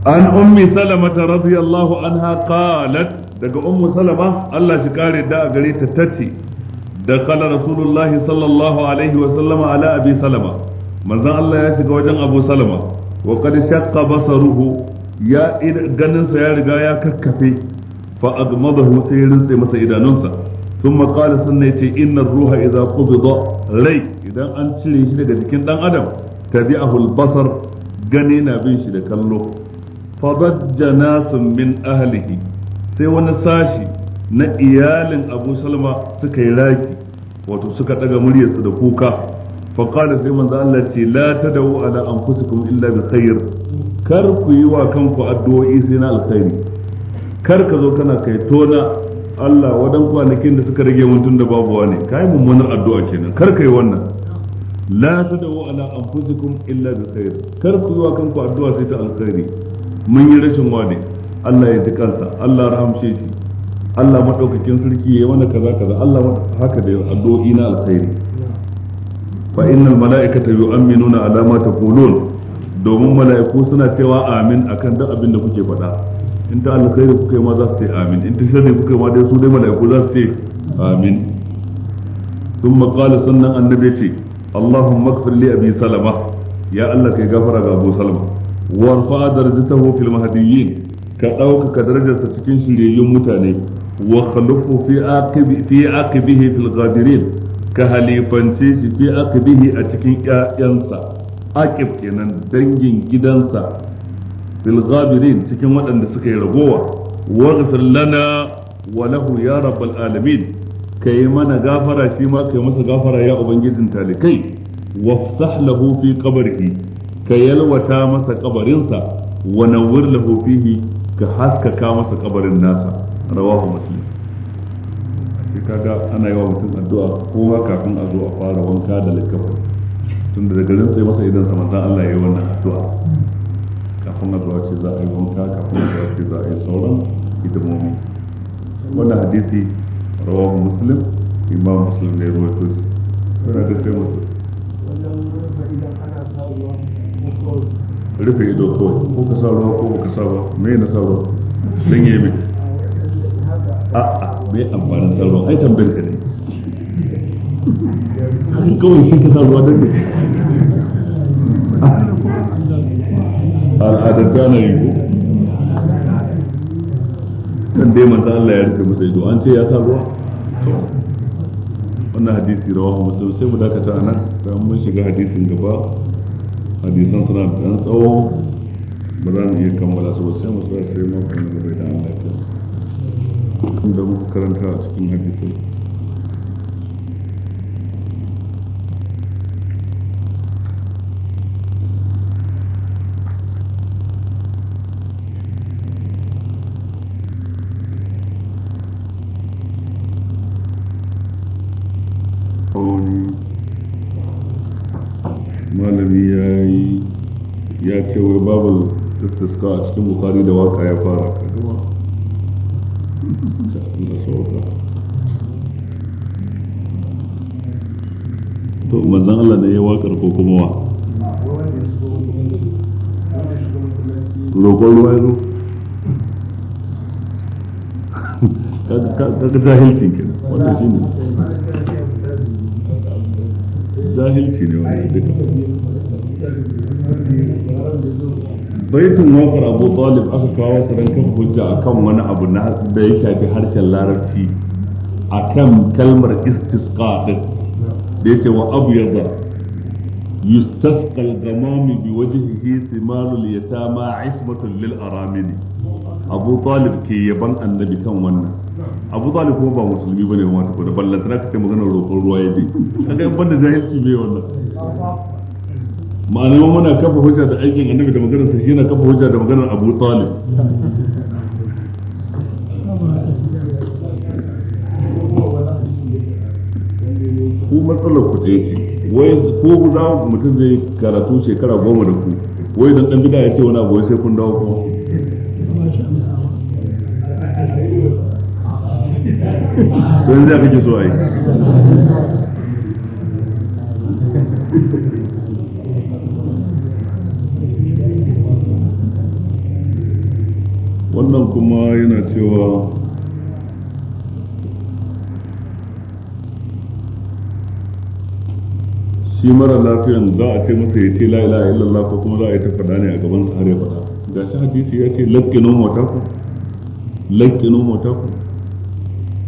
an ummi salama ta radiyallahu anha qalat daga ummu salama Allah shi kare da a gare ta tace da kala rasulullah sallallahu alaihi wa sallama ala abi salama manzon Allah ya shiga wajen abu salama wa qad shaqqa basaruhu ya ganin sa ya riga ya kakkafe fa agmadahu sai ya rintse masa idanunsa thumma qala sunna yace inna ruha idza qubida rai idan an cire shi daga jikin ɗan adam ta tabi'ahu a basar gani na bin shi da kallo fa bajja min ahlihi sai wani sashi na iyalin Abu Salma suka yi raki wato suka ɗaga muryarsu da kuka fa qala sai manzo Allah ce la tad'u ala anfusikum illa bi khair kar ku yi wa kanku addu'o'i sai na alkhairi kar ka zo kana kai tona Allah wadan kwanakin da suka rage mun tun da babu wani kai mummunar addu'a kenan kar kai wannan la tadawu ala anfusikum illa bi khair kar ku zuwa kanku addu'a sai ta alkhairi mun yi rashin wani Allah ya ji kansa Allah rahamshe shi Allah madaukakin sarki yayi mana kaza kaza Allah haka da addu'o'i na alkhairi fa innal mala'ikata yu'minuna ala ma taqulun domin mala'iku suna cewa amin akan duk abin da kuke faɗa in ta alkhairi kuka yi ma za su ce amin in ta sharri kuka yi ma dai su dai mala'iku za su ce amin sun maƙala sannan annabi ce Allahumma ighfir li abi salama ya Allah kai gafara ga Abu Salama wa rafa darajatahu fil mahdiyyin ka ɗauka ɗaukaka darajarsa cikin shiryayyun mutane wa khalufu fi aqibi fi aqibihi fil ghadirin ka halifance shi fi aqibihi a cikin ƴaƴansa aqib kenan dangin gidansa bil cikin waɗanda suka yi ragowa waghfir lana wa lahu ya rabbal alamin yi mana gafara shi ma kai masa gafara ya ubangijin talikai wafsah lahu fi kabarki ka yalwata masa kabarinsa wa nawwir lahu fihi ka haskaka masa kabarin nasa rawahu muslim sai kaga ana yawa mutum addu'a ko ma kafin a zo a fara wanka da likkafa tun da garin sai masa idan sa manzon Allah yayi wannan addu'a sanarwa ce za a yi wanka kafin da ce za a yi sauran hidimomi wannan hadisi rawahu muslim imam muslim ne ruwa to yana da sai mutum rufe ido ko ka sa ruwa ko baka sa ba me na sa ruwa dan me a a me amfanin sa ruwa ai tambayar ka ne kawai shi ka sa ruwa dan ne al'adance ana yin ko nan dai manzo Allah ya rufe masa ido an ce ya sa ruwa wannan hadisi rawahu muslim sai mu dakata a nan dan mun shiga hadisin gaba hadisan suna da dan tsawo ba za mu iya kammala su ba sai mu tsaya sai mu kan da Allah ya da muka karanta a cikin hadisin taska a cikin bukari da waka ya fara to manzan Allah ne ya wakar ko kuma wa roƙon ruwa ya ka kaga jahilcin ke wannan shi ne jahilci ne wani duka بيت نوفر أبو طالب أخي كاية كم حجة أكم من أبو ناس بيشا دي حرش اللارتي أكم كلمة استسقاء ديت وأبيض يستسقى الغمام بوجهه ثمار اليتامى عصمة للأرامل أبو طالب كي يبن أن نبي كم من أبو طالب هو بقى مسلمي بني وما تقول بل لا تنكت مغنى روح روايدي أنا يبن زهلتي بيه والله ma'ana muna kafa hujja da aikin annabi da maganar sa yana kafa hujja da maganar Abu Talib ku matsalar ku ɗaya ce wai ko za mutum zai karatu shekara goma da ku wai dan dan bida ya ce wani abu sai kun dawo don zai kake so a yi kuma yana cewa shi mara lafiyan za a ce masa ya ce la'ila a illallah ko kuma za a yi ta faɗa ne a gaban sa har ya faɗa ga shi hadisi ya ce lakkinu motaku lakkinu motaku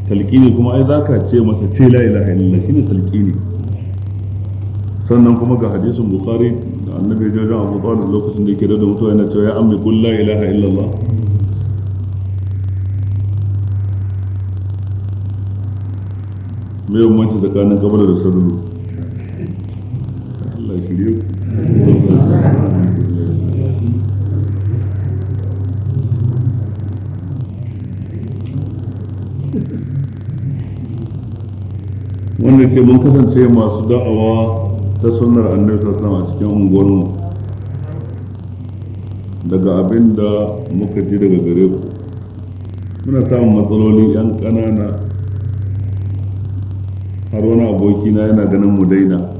talqini kuma ai za ka ce masa ce la ilaha illallah ne. talqini sannan kuma ga hadisin bukhari da annabi ya jawo Abu lokacin da ke da mutuwa yana cewa ya ammi kun la ilaha illallah me yawanci tsakanin da salulu Allah wanda ke mun kasance masu da'awa ta sunnar annabi sassan a cikin unguwarmu daga abin da muka ji daga gare ku muna samun matsaloli yan ƙanana har wani aboki na yana ganin mu daina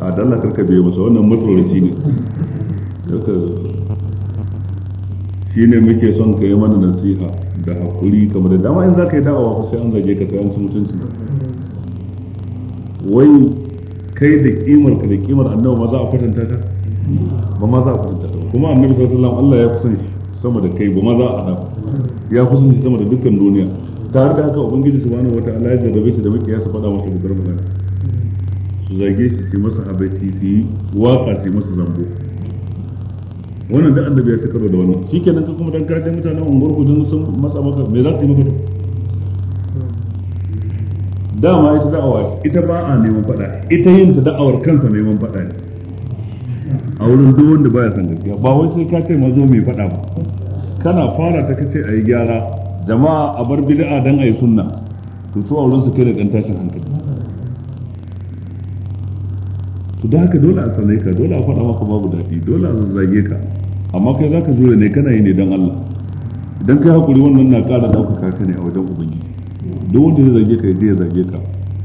a dalla karka bai masa wannan matsoraci ne shi ne muke son ka yi mana nasiha da haƙuri kamar da dama in za ka yi da'awa ko sai an zage ka sai an mutunci wai kai da kimar ka da kimar annabi ma za a kwatanta ta ba ma za a kwatanta ta kuma annabi sallallahu alaihi wasallam Allah ya fi son sama da kai ba ma za a hada ya fi son sama da dukkan duniya tare da haka ubangiji subhanahu wataala ya jarrabe shi da makiya su faɗa masa bakar magana su zage shi su masa abaci su yi waka su masa zambo wannan da annabi ya ta karo da wannan shikenan ka kuma dan kaje mutanen unguwar ku dan sun masa maka me za su yi maka dama ita da'awa ita ba a neman faɗa ita yin ta da'awar kansa neman faɗa ne a wurin duk wanda baya san gaskiya ba wai sai ka ce mazo mai faɗa ba kana fara ta kace ayi gyara jama'a a bar bid'a dan ayi sunna to su auren su kai da dan tashin hankali to da haka dole a sanai ka dole a faɗa maka babu dadi, dole a zage ka amma kai zaka zo ne kana yi ne dan Allah idan kai hakuri wannan na ƙara ɗaukaka ka ne a wajen ubangiji duk wanda zai zage ka zai zage ka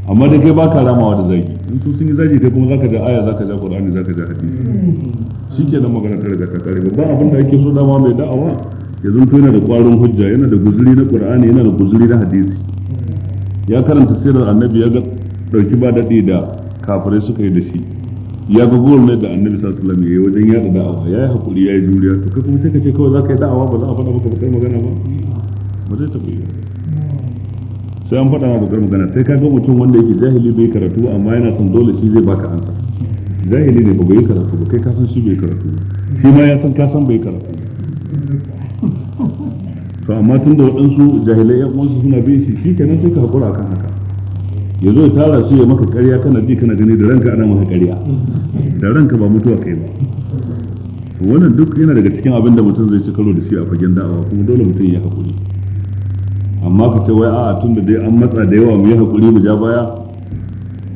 amma da kai baka ramawa da zagi in su sun yi zagi kai kuma zaka ja aya zaka ja qur'ani zaka ja hadisi shikenan magana ta daga ta kare ba abin da ake so dama mai da'awa ya zanto yana da kwarin hujja yana da guzuri na qur'ani yana da guzuri na hadisi ya karanta sirar annabi ya ga dauki ba dadi da kafirai suka yi da shi ya ga gowar ne da annabi sallallahu alaihi wasallam wajen yada da'awa ya yi hakuri yi juriya to kai kuma sai ka ce kawai za ka yi da'awa ba za a faɗa maka bakar magana ba ba zai tafi sai an faɗa maka bakar magana sai ka ga mutum wanda yake jahili bai karatu amma yana son dole shi zai baka ansa jahili ne ba bai karatu ba kai ka san shi bai karatu ba shi ma ya san ka san bai karatu ba to amma tun da waɗansu jahilai yan uwansu suna bin shi shi kenan sai ka hakura kan haka ya zo tara su ya maka ƙarya kana ji kana gani da ranka ana maka ƙarya da ranka ba mutuwa kai ba wannan duk yana daga cikin abin da mutum zai ci karo da shi a fagen da'awa kuma dole mutum ya haƙuri. amma ka ce wai a'a tun da dai an matsa da yawa mu yi haƙuri mu ja baya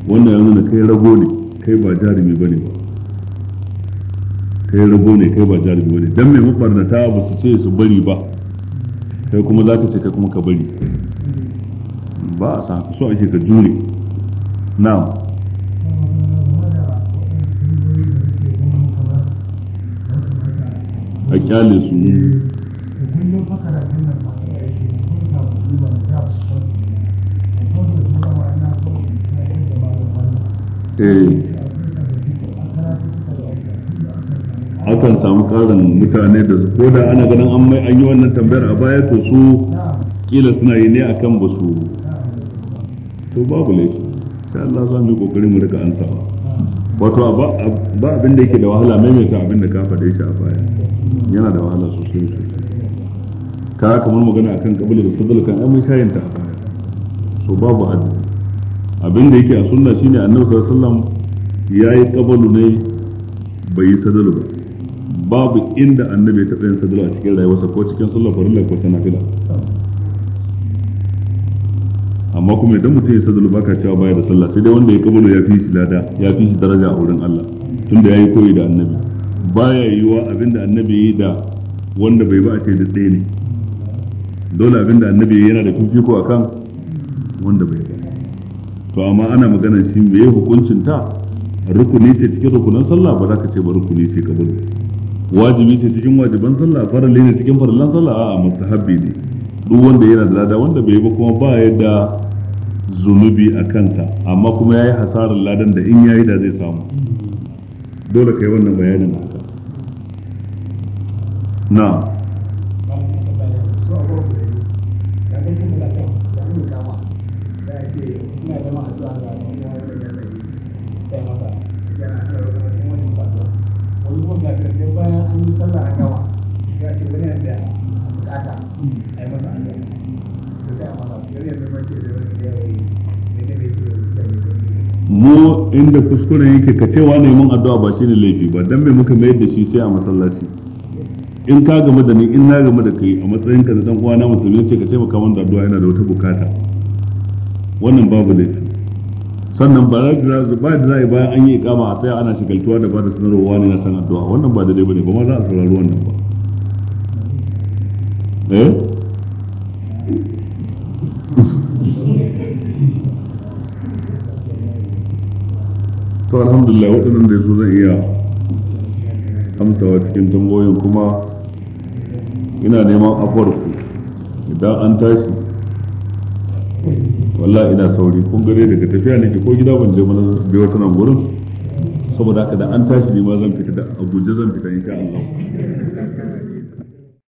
wannan ya nuna kai rago ne kai ba jarumi ba ba kai rago ne kai ba jarumi ba ne dan mai mafarnata ba su ce su bari ba kai kuma za ka ce kai kuma ka bari ba a sa so ake ka jure na'am a kyale su eh akan samu karin mutane da su. ko da ana ganin an mai an yi wannan tambayar a baya to su kila suna yi ne akan ba su to babu laifi sai Allah za mu yi kokarin mu rika ansawa wato ba abin da yake da wahala maimaita abin da ka faɗe shi a baya yana da wahala sosai ka kamar magana akan kabila da fadl kan mun shayin ta a baya so babu hadu abin da yake a sunna shine annabi sallallahu alaihi wasallam yayi kabalu ne bai yi sadalu ba babu inda annabi ya taɓa yin sadara a cikin rayuwarsa ko cikin sallar farilla ko ta nafila amma kuma idan mutum ya sadara baka cewa baya da sallah sai dai wanda ya kabulu ya fi shi lada ya fi shi daraja a wurin Allah tunda yayi koyi da annabi baya yiwa abinda annabi yi da wanda bai ba a ce da tsaye ne dole abinda annabi yana da fifiko akan wanda bai ba to amma ana magana shi me hukuncin ta rukuni ce cikin rukunan sallah ba za ka ce ba rukuni ce kabulu wajibi ce cikin wajiban sallah faralli ne cikin farallan sallah a'a mustahabbi ne duk wanda yana da lada wanda bai yi ba kuma ba ya da zunubi a kanta amma kuma yayi hasarar ladan da in ya yi da zai samu dole ka yi wannan bayanin haka na'am sallah ya ce wani yana da bukata a yi masa sai a yanzu ce wani yi ne mu inda kuskuren yake ka wa neman addu'a ba shine laifi ba dan me muka mayar da shi sai a masallaci in ka gama da ni in na gama da kai a matsayin ka da dan uwa na musulmi ce ka ce maka wanda addu'a yana da wata bukata wannan babu laifi sannan ba za ba da za bayan an yi ikama a tsaya ana shigaltuwa da ba da sanarwa ne na san addu'a wannan ba daidai bane ba ma za a sauraro wannan ba eh *laughs* to alhamdulillah waɗannan da so zan iya amsawa cikin tambayoyin kuma ina neman afuwar ku idan an tashi wallahi ina sauri kun gare daga tafiya nake ko gida ban je mana bai ta nan gurin saboda haka da an tashi ne ma zan fita da Abuja zan fita sha Allah